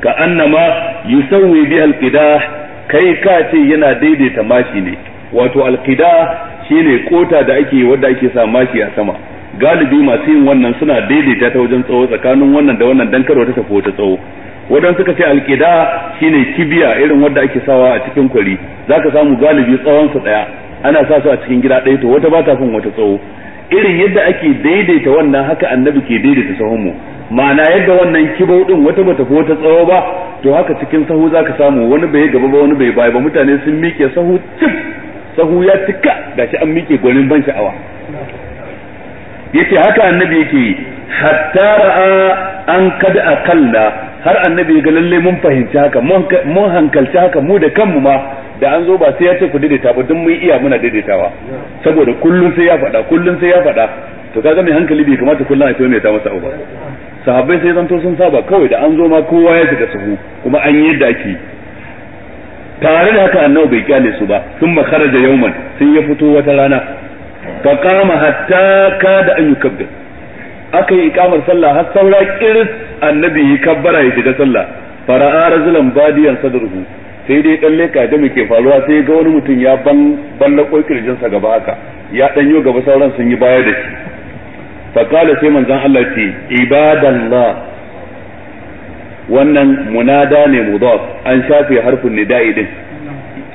ka annama yusawwi bi alqidah kai ka ce yana daidaita mashi ne wato alqidah shine kota da ake wanda ake sa mashi a sama galibi masu yin wannan suna daidaita ta wajen tsawo tsakanin wannan da wannan dan karo ta tafi wata tsawo wadan suka ce alqida shine kibiya irin wanda ake sawa a cikin kwari zaka samu galibi tsawon su daya ana sa su a cikin gida daya to wata ba ta fin wata tsawo irin yadda ake daidaita wannan haka annabi ke daidaita sahun mu ma'ana yadda wannan kibau din wata bata fi wata tsawo ba to haka cikin sahu zaka samu wani bai gaba ba wani bai baya ba mutane sun miƙe sahu cif sahu ya cika gashi an miƙe gwanin ban sha'awa yace haka annabi yake hatta ra'a an kad akalla har annabi ga lalle mun fahimci haka mun hankalci haka mu da kanmu ma da an zo ba sai ya ce ku daidaita ba duk mun iya muna daidaitawa saboda kullun sai ya faɗa kullun sai ya faɗa to kaga mai hankali bai kamata kullun a ce mai ta masa ba sahabbai sai zanto sun saba kawai da an zo ma kowa ya shiga sahu kuma an yi yadda ake tare da haka annabi bai kyale su ba sun makaraja da yauman sun ya fito wata rana fa qama hatta da an yukabbir aka iƙamar sallah har saura kiris annabi yi kabbara ya shiga sallah fara'a rajulan badiyan sadruhu sai dai dan leka da muke faruwa sai ga wani mutum ya ban balla kirjin sa gaba haka ya danyo gaba sauran sun yi baya da shi fa qala sai manzan Allah ce ibadallah wannan munada ne mudaf an shafe harfin nida'i din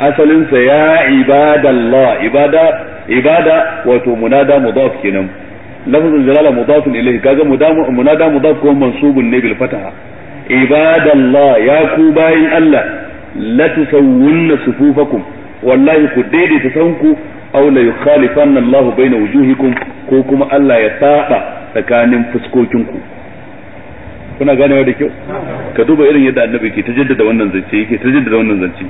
asalin sa ya ibadallah ibada ibada wato munada mudaf kenan lafazul jalala mudaf ilayhi kaga munada mudaf ko mansubun ne bil fataha ibadallah ya ku bayin Allah la tusawwunna sufufakum wallahi ku daidaita sanku aw la yukhalifanna Allah baina wujuhikum ko kuma Allah ya saba tsakanin fuskokinku kuna ganewa da kyau ka duba irin yadda annabi ke ta jaddada wannan zance yake ta jaddada wannan zance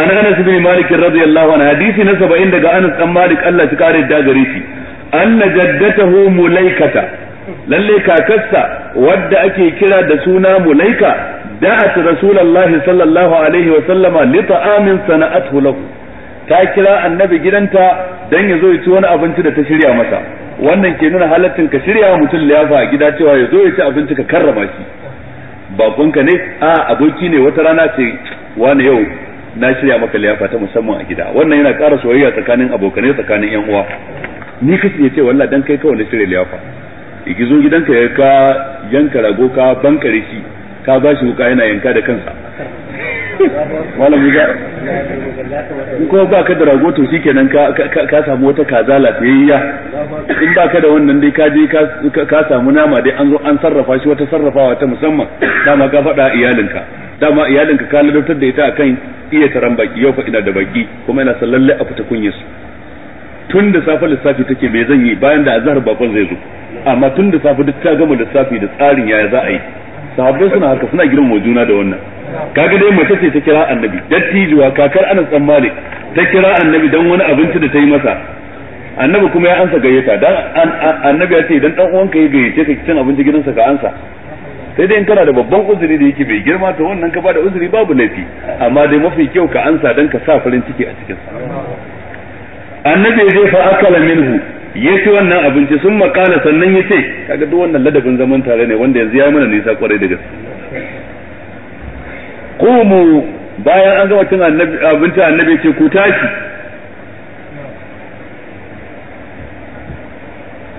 an anas bin malik radiyallahu anhu hadisi na 70 daga anas dan malik Allah shi kare da gare shi anna jaddatahu mulaikata lalle kakarsa wadda ake kira da suna mulaika da'at rasulullahi sallallahu alaihi wa sallama li ta'amin sana'athu lahu ta kira annabi gidanta dan ya zo ya ci wani abinci da ta shirya masa wannan ke nuna halattin ka shirya mutum liyafa a gida cewa ya zo ya ci abinci ka karrama shi bakonka ne a aboki ne wata rana ce wani yau na shirya maka liyafa ta musamman a gida wannan yana ƙara soyayya tsakanin abokanai tsakanin yan uwa ni kace ya ce walla dan kai kawai na shirya liyafa igizo gidanka ya ka yanka rago ka bankare shi ka ba shi wuka yana yanka da kansa malam in ko ba ka da rago to shikenan ka ka samu wata kaza lafiyayya in ba ka da wannan dai ka je ka samu nama dai an zo an sarrafa shi wata sarrafawa ta musamman dama ka faɗa iyalinka dama iyalinka ka ladautar da ita akan iya taran baki yau fa ina da baki kuma ina san lalle a fita su tun da safe lissafi take me zan yi bayan da azhar bakon zai zo amma tun da safe duk ta gama lissafi da tsarin yaya za a yi sahabbai suna haka suna girmama juna da wannan kaga dai mace ce ta kira annabi dattijuwa kakar Anas dan Malik ta kira annabi dan wani abinci da ta yi masa annabi kuma ya ansa gayyata dan annabi ya ce idan dan uwanka ya gayyace ka cin abinci gidansa ka ansa sai dai in kana da babban uzuri da yake bai girma to wannan ka bada uzuri babu laifi amma dai mafi kyau ka ansa dan ka sa farin ciki a cikin sa annabi ya je fa akala minhu ya wannan abinci sun makala sannan ya ce kaga duk wannan ladabin zaman tare ne wanda yanzu ya mana nisa kwarai da gaske qumu bayan an gama cin abinci annabi ce ku tashi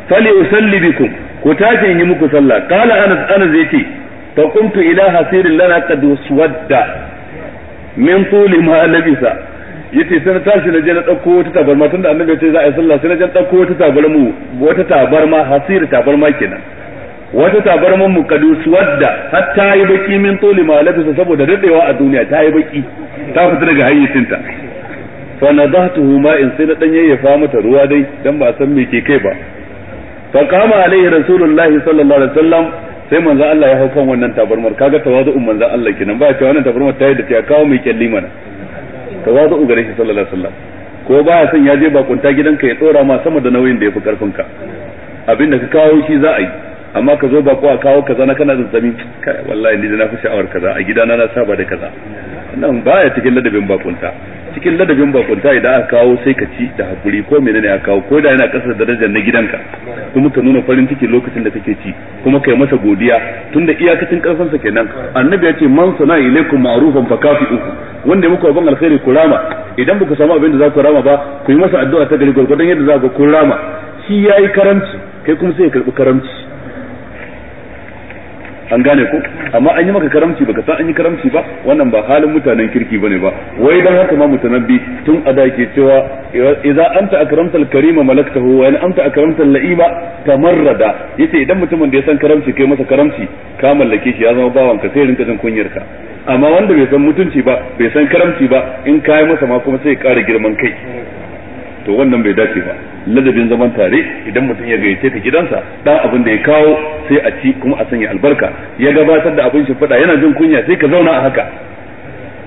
fali usalli bikum ku tashi in yi muku sallah qala anas anas yace fa qumtu ila hasirin lana qad suwadda. min tuli ma labisa yace sai na tashi na je na dauko wata tabarma tunda annabi yace za a yi sallah sai na je na dauko wata tabarma wata tabarma hasir tabarma kenan wata tabarman mu kadus wadda har ta yi baki min tuli ma labisa saboda dadewa a duniya ta yi baki ta fita daga hayyacinta fa nadahtuhu ma in sai na dan yayyafa mata ruwa dai dan ba san me ke kai ba fa kama alaihi rasulullahi sallallahu alaihi wasallam sai manzo Allah ya hau kan wannan tabarmar kaga tawazu'un manzo Allah kenan ba ya ce wannan tabarmar ta yi da ta kawo mai kyalli mana tawazu gare shi sallallahu alaihi wasallam ko baya son ya je bakunta gidanka ya tsora ma sama da nauyin da yafi karfin ka abinda ka kawo shi za a yi amma ka zo bako a kawo kaza na kana zazzabi kai wallahi ni da na fi sha'awar kaza a gidana na saba da kaza nan baya cikin ladabin bakunta cikin ladabin bakunta idan aka kawo sai ka ci da hakuri ko menene aka kawo ko da yana kasar darajar na gidanka kuma ka nuna farin ciki lokacin da kake ci kuma kai masa godiya tunda iyakacin karfansa kenan annabi ya ce man sana ilaikum ma'rufan fa uku wanda ya muku abin alkhairi ku rama idan ku samu abin da za ku rama ba ku yi masa addu'a ta gari gurgurdan yadda za ku rama shi yayi karamci kai kuma sai ya karbi karamci an gane ko amma an yi maka karamci baka san an yi karamci ba wannan ba halin mutanen kirki bane ba wai dan haka ma mutanabbi tun a da ke cewa idza anta akramtal karima malaktahu wa in anta akramtal la'ima tamarrada yace idan mutumin da ya san karamci kai masa karamci ka mallake shi ya zama ka sai rinka jin kunyar ka amma wanda bai san mutunci ba bai san karamci ba in kai masa ma kuma sai ya kara girman kai to wannan bai dace ba ladabin zaman tare idan mutum ya gayyace ka gidansa dan abin da ya kawo sai a ci kuma a sanya albarka ya gabatar da abin shi fada yana jin kunya sai ka zauna a haka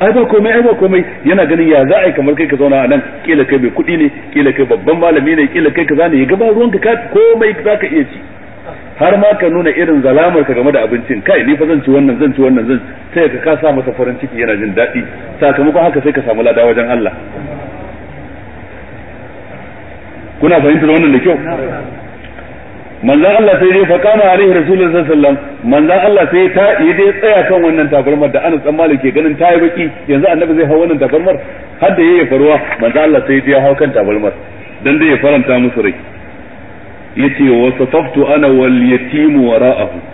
ai ba komai ai ba komai yana ganin ya za a yi kamar kai ka zauna a nan kila kai mai kuɗi ne kila kai babban malami ne kila kai ka zana ya gaba ruwan ka komai za ka iya ci har ma ka nuna irin zalamar ka game da abincin kai ni fa zan ci wannan zan ci wannan zan sai ka kasa masa farin ciki yana jin daɗi sakamakon haka sai ka samu lada wajen Allah kuna fahimtar wannan da kyau manzan Allah sai dai faqama alaihi rasulullah sallallahu alaihi wasallam manzan Allah sai ta yi dai tsaya kan wannan tabarmar da ana dan Malik ke ganin ta yi baki yanzu annabi zai hau wannan tabarmar har da yayi faruwa manzan Allah sai ya hau kan tabarmar dan dai ya faranta musu rai yace wa safaftu ana wal yatim wara'ahu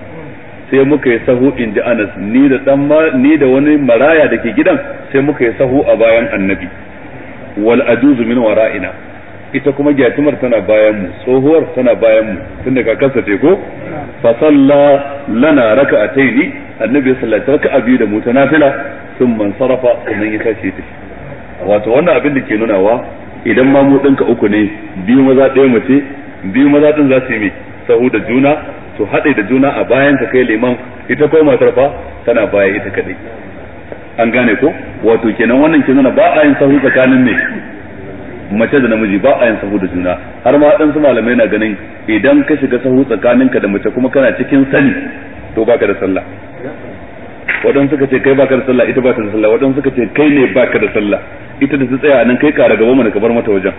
sai muka yi sahu in ji Anas ni da dan ni da wani maraya da ke gidan sai muka yi sahu a bayan annabi wal ajuzu min wara'ina ita kuma gyatumar tana bayan mu tsohuwar tana bayan mu tun da kakansa ce ko fa salla lana raka'ataini annabi sallallahu alaihi raka'a biyu da mu ta nafila sun man sarafa sannan ya tashi ta wato wannan abin da ke nunawa idan ma mu dinka uku ne biyu maza ɗaya mace biyu maza din za su yi mai sahu da juna to haɗe da juna a bayan ka kai liman ita ko matar fa tana baya ita kadai an gane ko wato kenan wannan ke nuna ba a yin sahu tsakanin mai mace da namiji ba a yin sahu da juna har ma dan su malamai na ganin idan ka shiga sahu tsakaninka da mace kuma kana cikin sani to baka da sallah wadan suka ce kai baka da sallah ita baka da sallah wadan suka ce kai ne baka da sallah ita da su tsaya nan kai kara gaba mana ka bar mata wajen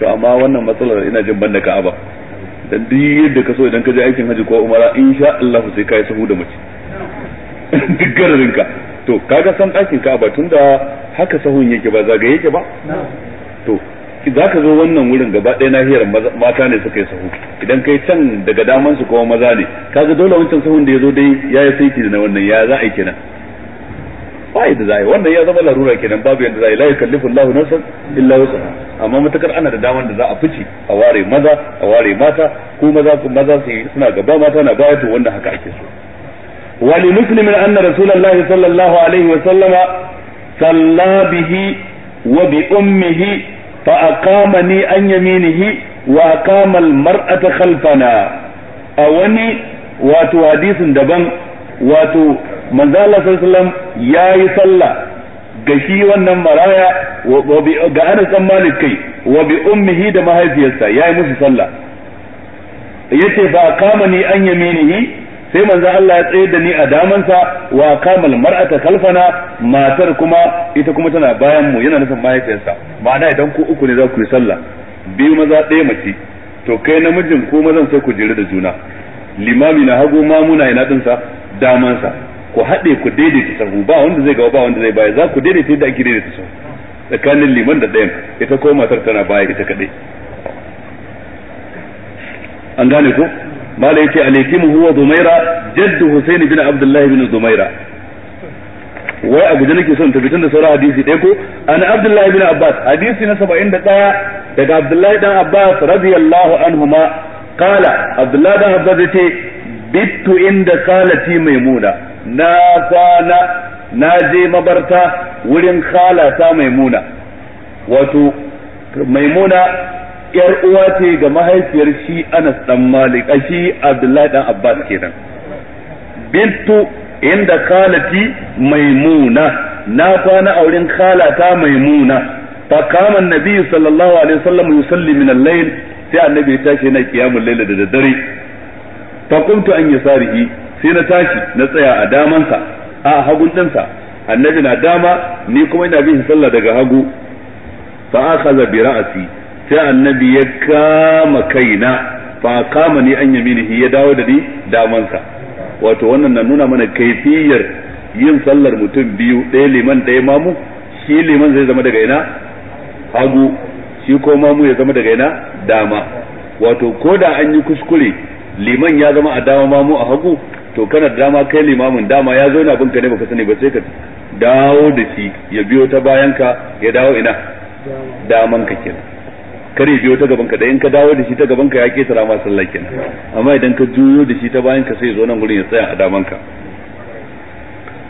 to amma wannan matsalar ina jin banda ka'aba dan duk yadda ka so idan ka je aikin haji ko umara insha Allah sai kai sahu da mace duk gararinka to kaga san ɗakin ba tun da haka sahun yake ba zagaye yake ba to za ka zo wannan wurin gaba ɗaya nahiyar mata ne suka yi sahu idan kai can daga daman su kuma maza ne kaga dole wancan sahun da ya zo dai ya yi saiti na wannan ya za a yi kenan ba yadda za a yi wannan ya zama larura kenan babu yadda za a yi la kallifu Allahu nafsan illa wusaha amma matukar ana da daman da za a fice a ware maza a ware mata ko maza maza su suna gaba mata na baya to wanda haka ake so ولمسلم أن رسول الله صلى الله عليه وسلم صلى به وبأمه فأقامني عن يمينه وأقام المرأة خلفنا أوني واتو حديث دبن واتو من ذا الله صلى الله عليه وسلم يا يصلى gashi wannan maraya ga Anas dan Malik kai wa bi ummihi da mahaifiyarsa yayi musu sallah yace ba kama ni an yaminihi sai manzo Allah ya tsaye da ni a damansa wa kamal mar'ata kalfana matar kuma ita kuma tana bayan mu yana nufin mahaifiyarsa ma'ana idan ku uku ne za ku yi sallah biyu maza ɗaya mace to kai namijin ko mazan sai ku jira da juna limami na hago mamuna ina dinsa damansa ku haɗe ku daidaita sahu ba wanda zai gaba ba wanda zai baya za ku daidaita yadda ake daidaita sahu tsakanin liman da ɗayan ita ko matar tana baya ita kaɗai an gane ko malai yace alikimu huwa zumaira jaddu husaini bin abdullahi bin zumaira wai abu da nake son tabbatar da sauran hadisi ɗaya ko ana abdullahi bin abbas hadisi na 71 daga abdullahi dan abbas radiyallahu ma kala abdullahi dan abbas yace bittu inda mai muna na kwana na je mabarta wurin mai muna wato maimuna yar uwa ce ga mahaifiyar shi Anas dan Malik a shi Abdullahi dan Abbas kenan bintu inda khalati maimuna na kwana a wurin khalata maimuna fa kama annabi sallallahu alaihi wasallam yusalli min al-layl sai annabi tashi yana kiyamul layl da daddare fa qumtu an yasarihi sai na tashi na tsaya a damansa a hagun dinsa annabi na dama ni kuma ina bin sallah daga hagu fa akhadha bi ra'si sai annabi ya kama kaina fa kama ni an yaminihi ya dawo da ni damansa wato wannan na nuna mana kaifiyar yin sallar mutum biyu ɗaya liman ɗaya mamu shi liman zai zama daga ina hagu shi ko mamu ya zama daga ina dama wato ko da an yi kuskure liman ya zama a dama mamu a hagu to kana dama kai limamin dama ya zauna binka ne baka sani ba sai ka dawo da shi ya biyo ta bayanka ya dawo ina daman ka kenan kare biyo ta gaban ka da in ka dawo da shi ta gaban ka ya ke ma masu lakin amma idan ka juyo da shi ta bayan ka sai zo nan gurin ya tsaya a daman ka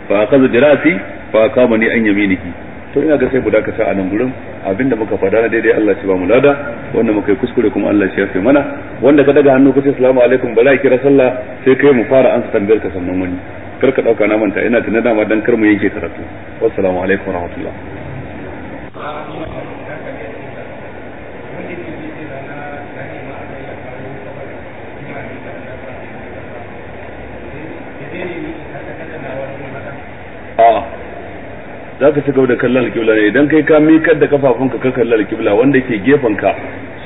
fa fi dirasi fa kama ni an yaminiki to ina ga sai guda ka sa a nan gurin abinda muka fada na daidai Allah shi ba mu lada wanda muka yi kuskure kuma Allah shi ya fi mana wanda ka daga hannu ka ce salamu alaikum bala kira sallah sai kai mu fara ansa tambayar ka sannan wani kar ka ɗauka na manta ina tunada ma dan kar mu yanke karatu wassalamu alaikum rahmatullah a'a za ka ci gaba da kallon alƙibla ne idan kai ka mikar da kafafunka ka kallon alƙibla wanda ke gefen ka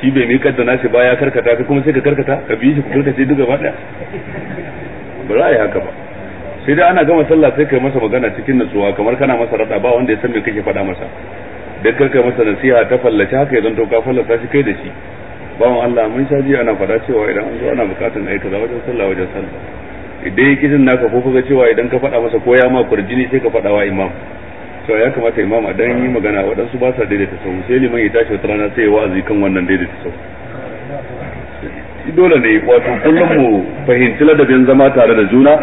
shi bai mikar da nashi baya karkata ka kuma sai ka karkata ka bi shi ku karkace duk gaba ɗaya ba za a yi haka ba sai dai ana gama sallah sai kai masa magana cikin nutsuwa kamar kana masa rada ba wanda ya san me kake faɗa masa dan karka masa nasiha ta fallace haka idan to ka fallasa shi kai da shi bawan Allah mun sha ana faɗa cewa idan an zo ana bukatun aika za wajen sallah wajen sallah idan ya jin naka ko kaga cewa idan ka faɗa masa ko ya ma kurjini sai ka faɗa wa imam to ya kamata imam a dan yi magana waɗansu ba sa daidaita sau sai liman ya tashi wata rana sai ya wa'azi kan wannan daidaita sau dole ne wato kullum mu fahimci ladabin zama tare da juna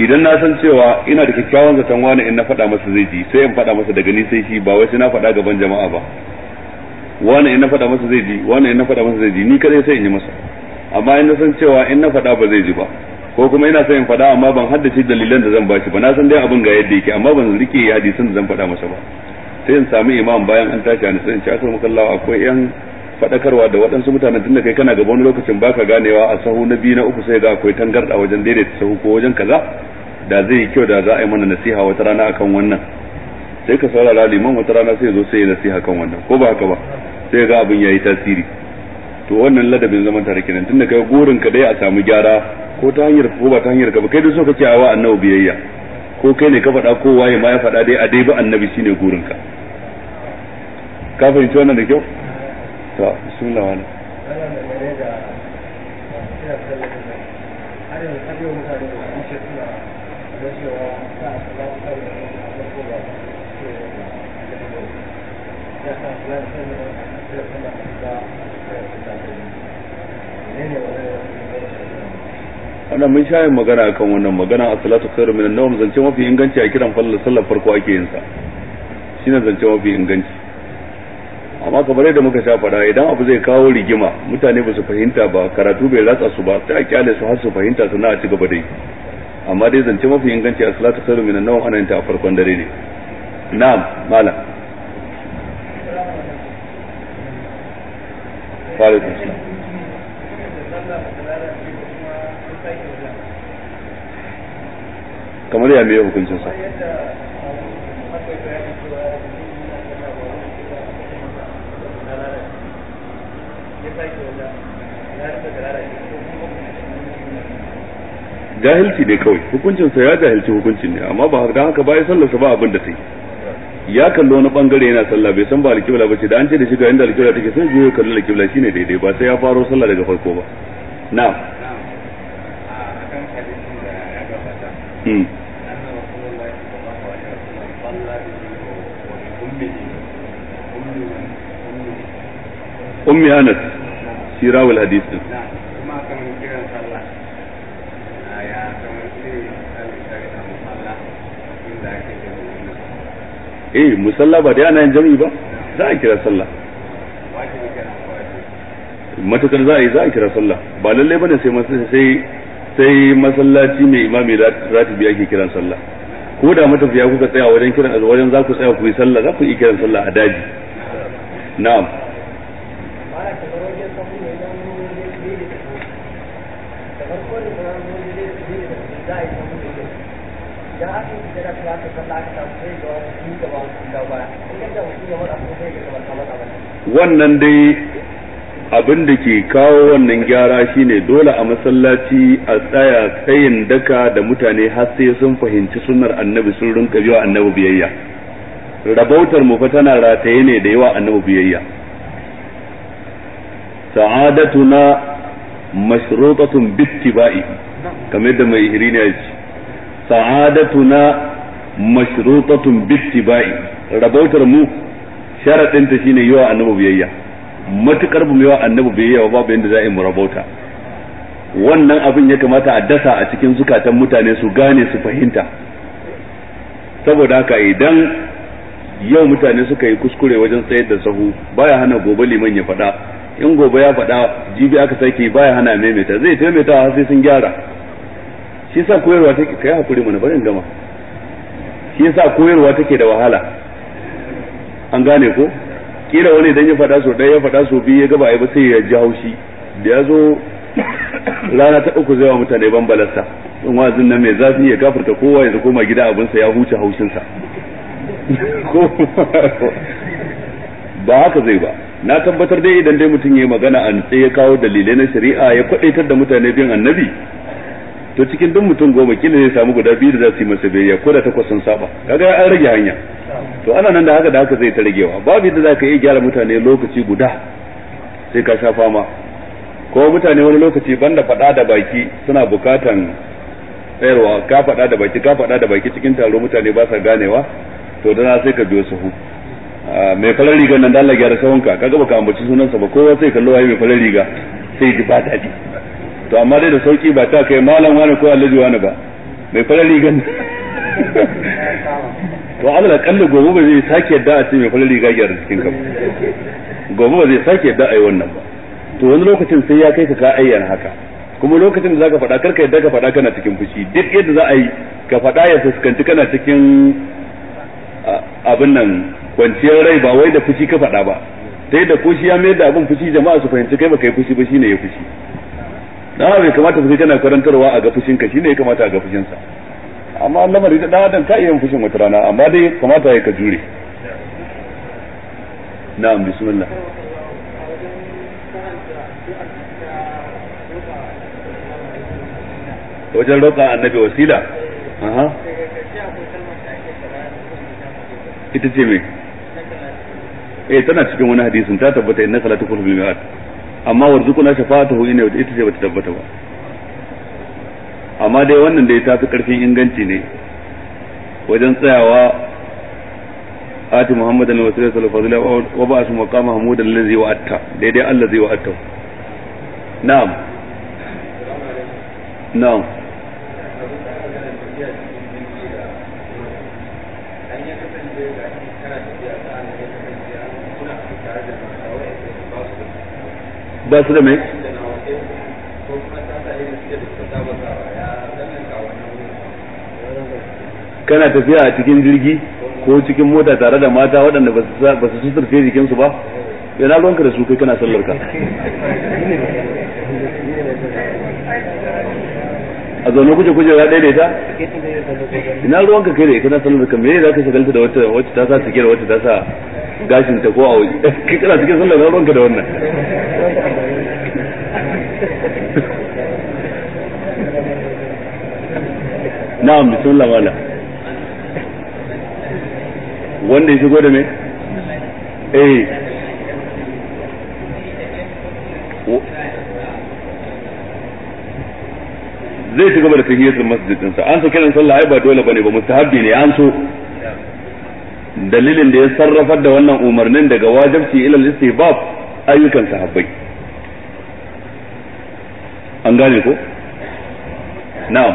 idan na san cewa ina da kyakkyawan zaton wani in na faɗa masa zai ji sai in faɗa masa daga ni sai shi ba wai sai na faɗa gaban jama'a ba wani in na faɗa masa zai ji wani in na faɗa masa zai ji ni kadai sai in yi masa amma in na san cewa in na faɗa ba zai ji ba ko kuma ina son in faɗa amma ban haddace dalilan da zan ba bashi ba na san dai abin ga yadda yake amma ban rike hadisin da zan faɗa masa ba sai in sami imam bayan an tashi an sai in ci akar mukallawa akwai yan faɗakarwa da waɗansu mutanen tunda kai kana gaba wani lokacin baka ganewa a sahu na biyu na uku sai ga akwai tangarɗa wajen daidaita sahu ko wajen kaza da zai yi kyau da za a yi mana nasiha wata rana akan wannan sai ka saurara liman wata rana sai zo sai ya nasiha kan wannan ko ba haka ba sai ga abin yayi tasiri to wannan ladabin zaman tare kenan tunda kai gurin ka dai a samu gyara ko ta hanyar ko ba ta hanyar ka ba kai da so kake awa annabi biyayya ko kai ne ka faɗa ko waye ma ya faɗa dai a dai ba annabi shine gurin ka ka fahimci wannan da kyau to bismillah wannan mun sha yin magana akan wannan magana a salatu min minan nawm zance mafi inganci a kiran fallar sallar farko ake yin sa shine zance mafi inganci amma kamar yadda muka sha faɗa idan abu zai kawo rigima mutane ba su fahimta ba karatu bai ratsa su ba ta kyale su har su fahimta su na ci gaba dai amma dai zance mafi inganci a salatu khairu minan nawm ana yin ta a farkon dare ne na'am malam wa alaikum kamar ya mai hukuncin sa jahilci ne kawai hukuncin sa ya jahilci hukuncin ne amma ba dan haka bai sa ba abin da sai ya kallo wani bangare yana sallah bai san ba alkibla ba ce da an ce da shi ga inda alkibla take sai ya kalli alkibla shine daidai ba sai ya faro sallah daga farko ba na'am ummi anas sirawul hadis din eh musalla ba da ana yin jami'i ba za kira sallah matukar za a yi za a kira sallah ba lallai bane sai sai sai masallaci mai imami ratibi ake kiran sallah ko da matafiya kuka tsaya wajen kiran wajen za ku tsaya ku yi sallah za ku yi kiran sallah a daji na'am wannan dai abin da ke kawo wannan gyara shine dole a masallaci a tsaya tsayin daka da mutane har sai sun fahimci sunnar annabi sun rinka biyo annabi biyayya rabautar mu fa tana rataye ne da yawa annabi biyayya sa'adatuna mashrutatun bittiba'i kamar yadda mai ihri ne yace sa'adatuna mashrutatun bittiba'i rabautar mu sharadin ta shine yawa annabi biyayya matukar bu yawa annabi biyayya ba babu yanda za mu rabauta wannan abin ya kamata a dasa a cikin zukatan mutane su gane su fahimta saboda haka idan yau mutane suka yi kuskure wajen tsayar da sahu baya hana gobe liman ya faɗa in gobe ya faɗa jibi aka sake baya hana maimaita zai taimaita har sai sun gyara shi yasa koyarwa take kai hakuri mana bari in gama shi yasa koyarwa take da wahala an gane ko kira wani idan ya faɗa so ɗaya ya faɗa so biyu ya gaba ai ba sai ya ji haushi da ya zo rana ta uku zai wa mutane ban balasta in wazin nan mai zafi ya gafarta kowa ya koma gida abinsa ya huce haushinsa ba haka zai ba na tabbatar dai idan dai mutum ya magana a sai ya kawo dalilai na shari'a ya kwadaitar da mutane bin annabi to cikin duk mutum goma kila zai samu guda biyu da za su yi masa biyayya ko da takwas sun saba kaga an rage hanya to ana nan da haka da haka zai ta ragewa babu da zaka ka iya gyara mutane lokaci guda sai ka sha fama ko mutane wani lokaci banda faɗa da baki suna bukatan tsayarwa ka faɗa da baki ka faɗa da baki cikin taro mutane ba sa ganewa to dana sai ka biyo sahu Ah, mai farar rigar nan da Allah gyara sahunka kaga baka ambaci sunansa ba kowa sai kallo ayi mai farar riga sai ji ba daɗi to amma dai da sauki ba ta kai malam wani ko Allah wani ba mai farar rigar to Allah kallo gobe ba zai sake yadda a ce mai farar riga gyara cikin ka gobe ba zai sake yadda a yi wannan ba to wani lokacin sai ya kai ka ka ayyana haka kuma lokacin da zaka faɗa karka yadda ka faɗa kana cikin fushi duk yadda za a yi ka faɗa ya fuskanci kana cikin ah, abin nan kwanciyar rai ba wai da fushi ka faɗa ba ta da ko shi ya mayar da abin fushi jama'a su fahimci kai baka yi fushi ba shine ya fushi dan bai kamata fushi kana karantarwa a ga fushin ka shine ya kamata a ga fushin sa amma lamari da dan adam ka iya fushin wata rana amma dai kamata ya ka jure na'am bismillah wajen roƙa annabi wasila ita ce mai eh tana cikin wani hadisin ta tabbata inna salatu kullu bil mi'ad amma warzuquna shafa'atuhu inna ita ce bata tabbata ba amma dai wannan dai ta fi karfin inganci ne wajen tsayawa ati muhammadan wa sallallahu alaihi wa sallam wa ba'athu maqama mahmudan allazi wa'atta daidai allazi wa'atta na'am na'am ba su da mai kana tafiya a cikin jirgi ko cikin mota tare da mata waɗanda ba su suturce jikinsu ba yana ruwanka da su kai kana sallar ka a zaune kuje kuje ya daidaita ina ruwanka kai da kana sallar ka me za ka shagalta da wata wacce ta sa da wacce ta sa gashin ta ko a waje kai kana cikin sallar na ruwanka da wannan na'am bismillah wala wanda ya shigo da me eh zai shiga da tahiyatul masjid din sa an so kiran sallah ai ba dole bane ba mustahabbi ne an so dalilin da ya sarrafa da wannan umarnin daga wajibi ila istihbab ayyukan sahabbai an gane ko na'am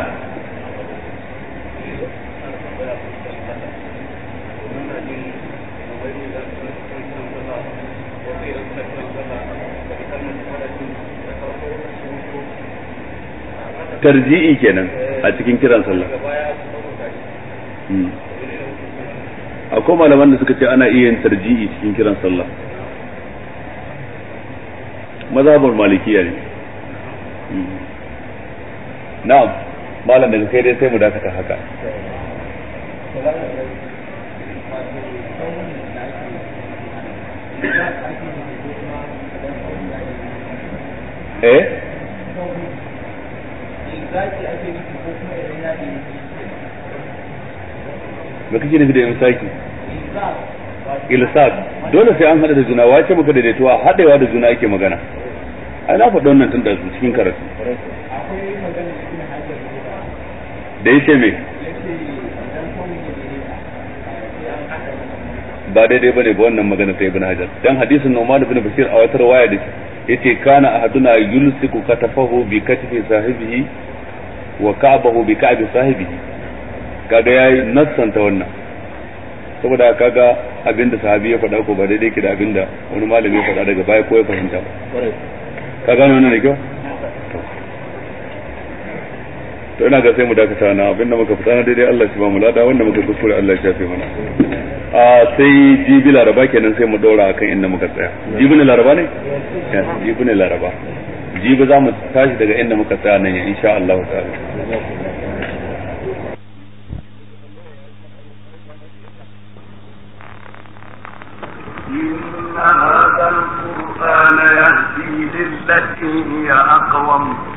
tarji'i kenan a cikin kiran sallah hmm. akwai malaman da suka ce ana iya yin tarji'i cikin kiran sallah mazhabar malikiya ne na'am malam daga kai dai sai mu dakata haka eh kake nufi da yin saki ilsaq dole sai an hada da juna wace muka daidaituwa hadewa da juna ake magana ai na faɗi wannan tun da su cikin karatu da yake me ba daidai bane ba wannan magana ta ibn hajar dan hadisin Nu'man ibn Bashir a wata riwaya da yace kana ahaduna yulsiku katafahu bi katfi sahibihi wa ka'bahu bi ka'bi sahibihi kaga yayi nassanta wannan saboda kaga abinda sahabi ya faɗa ko ba daidai ke da abinda wani malami ya faɗa daga baya ko ya fahimta ba ka gane wannan da kyau to ina ga sai mu dakata na abinda muka fita na daidai Allah shi ba mu lada wanda muka kuskure Allah ya shafe mana a sai jibi laraba kenan sai mu daura akan inda muka tsaya jibi ne laraba ne jibi ne laraba jibi za mu tashi daga inda muka tsaya nan insha Allah ta'ala you إن هذا القرآن يهدي للتي هي أقوم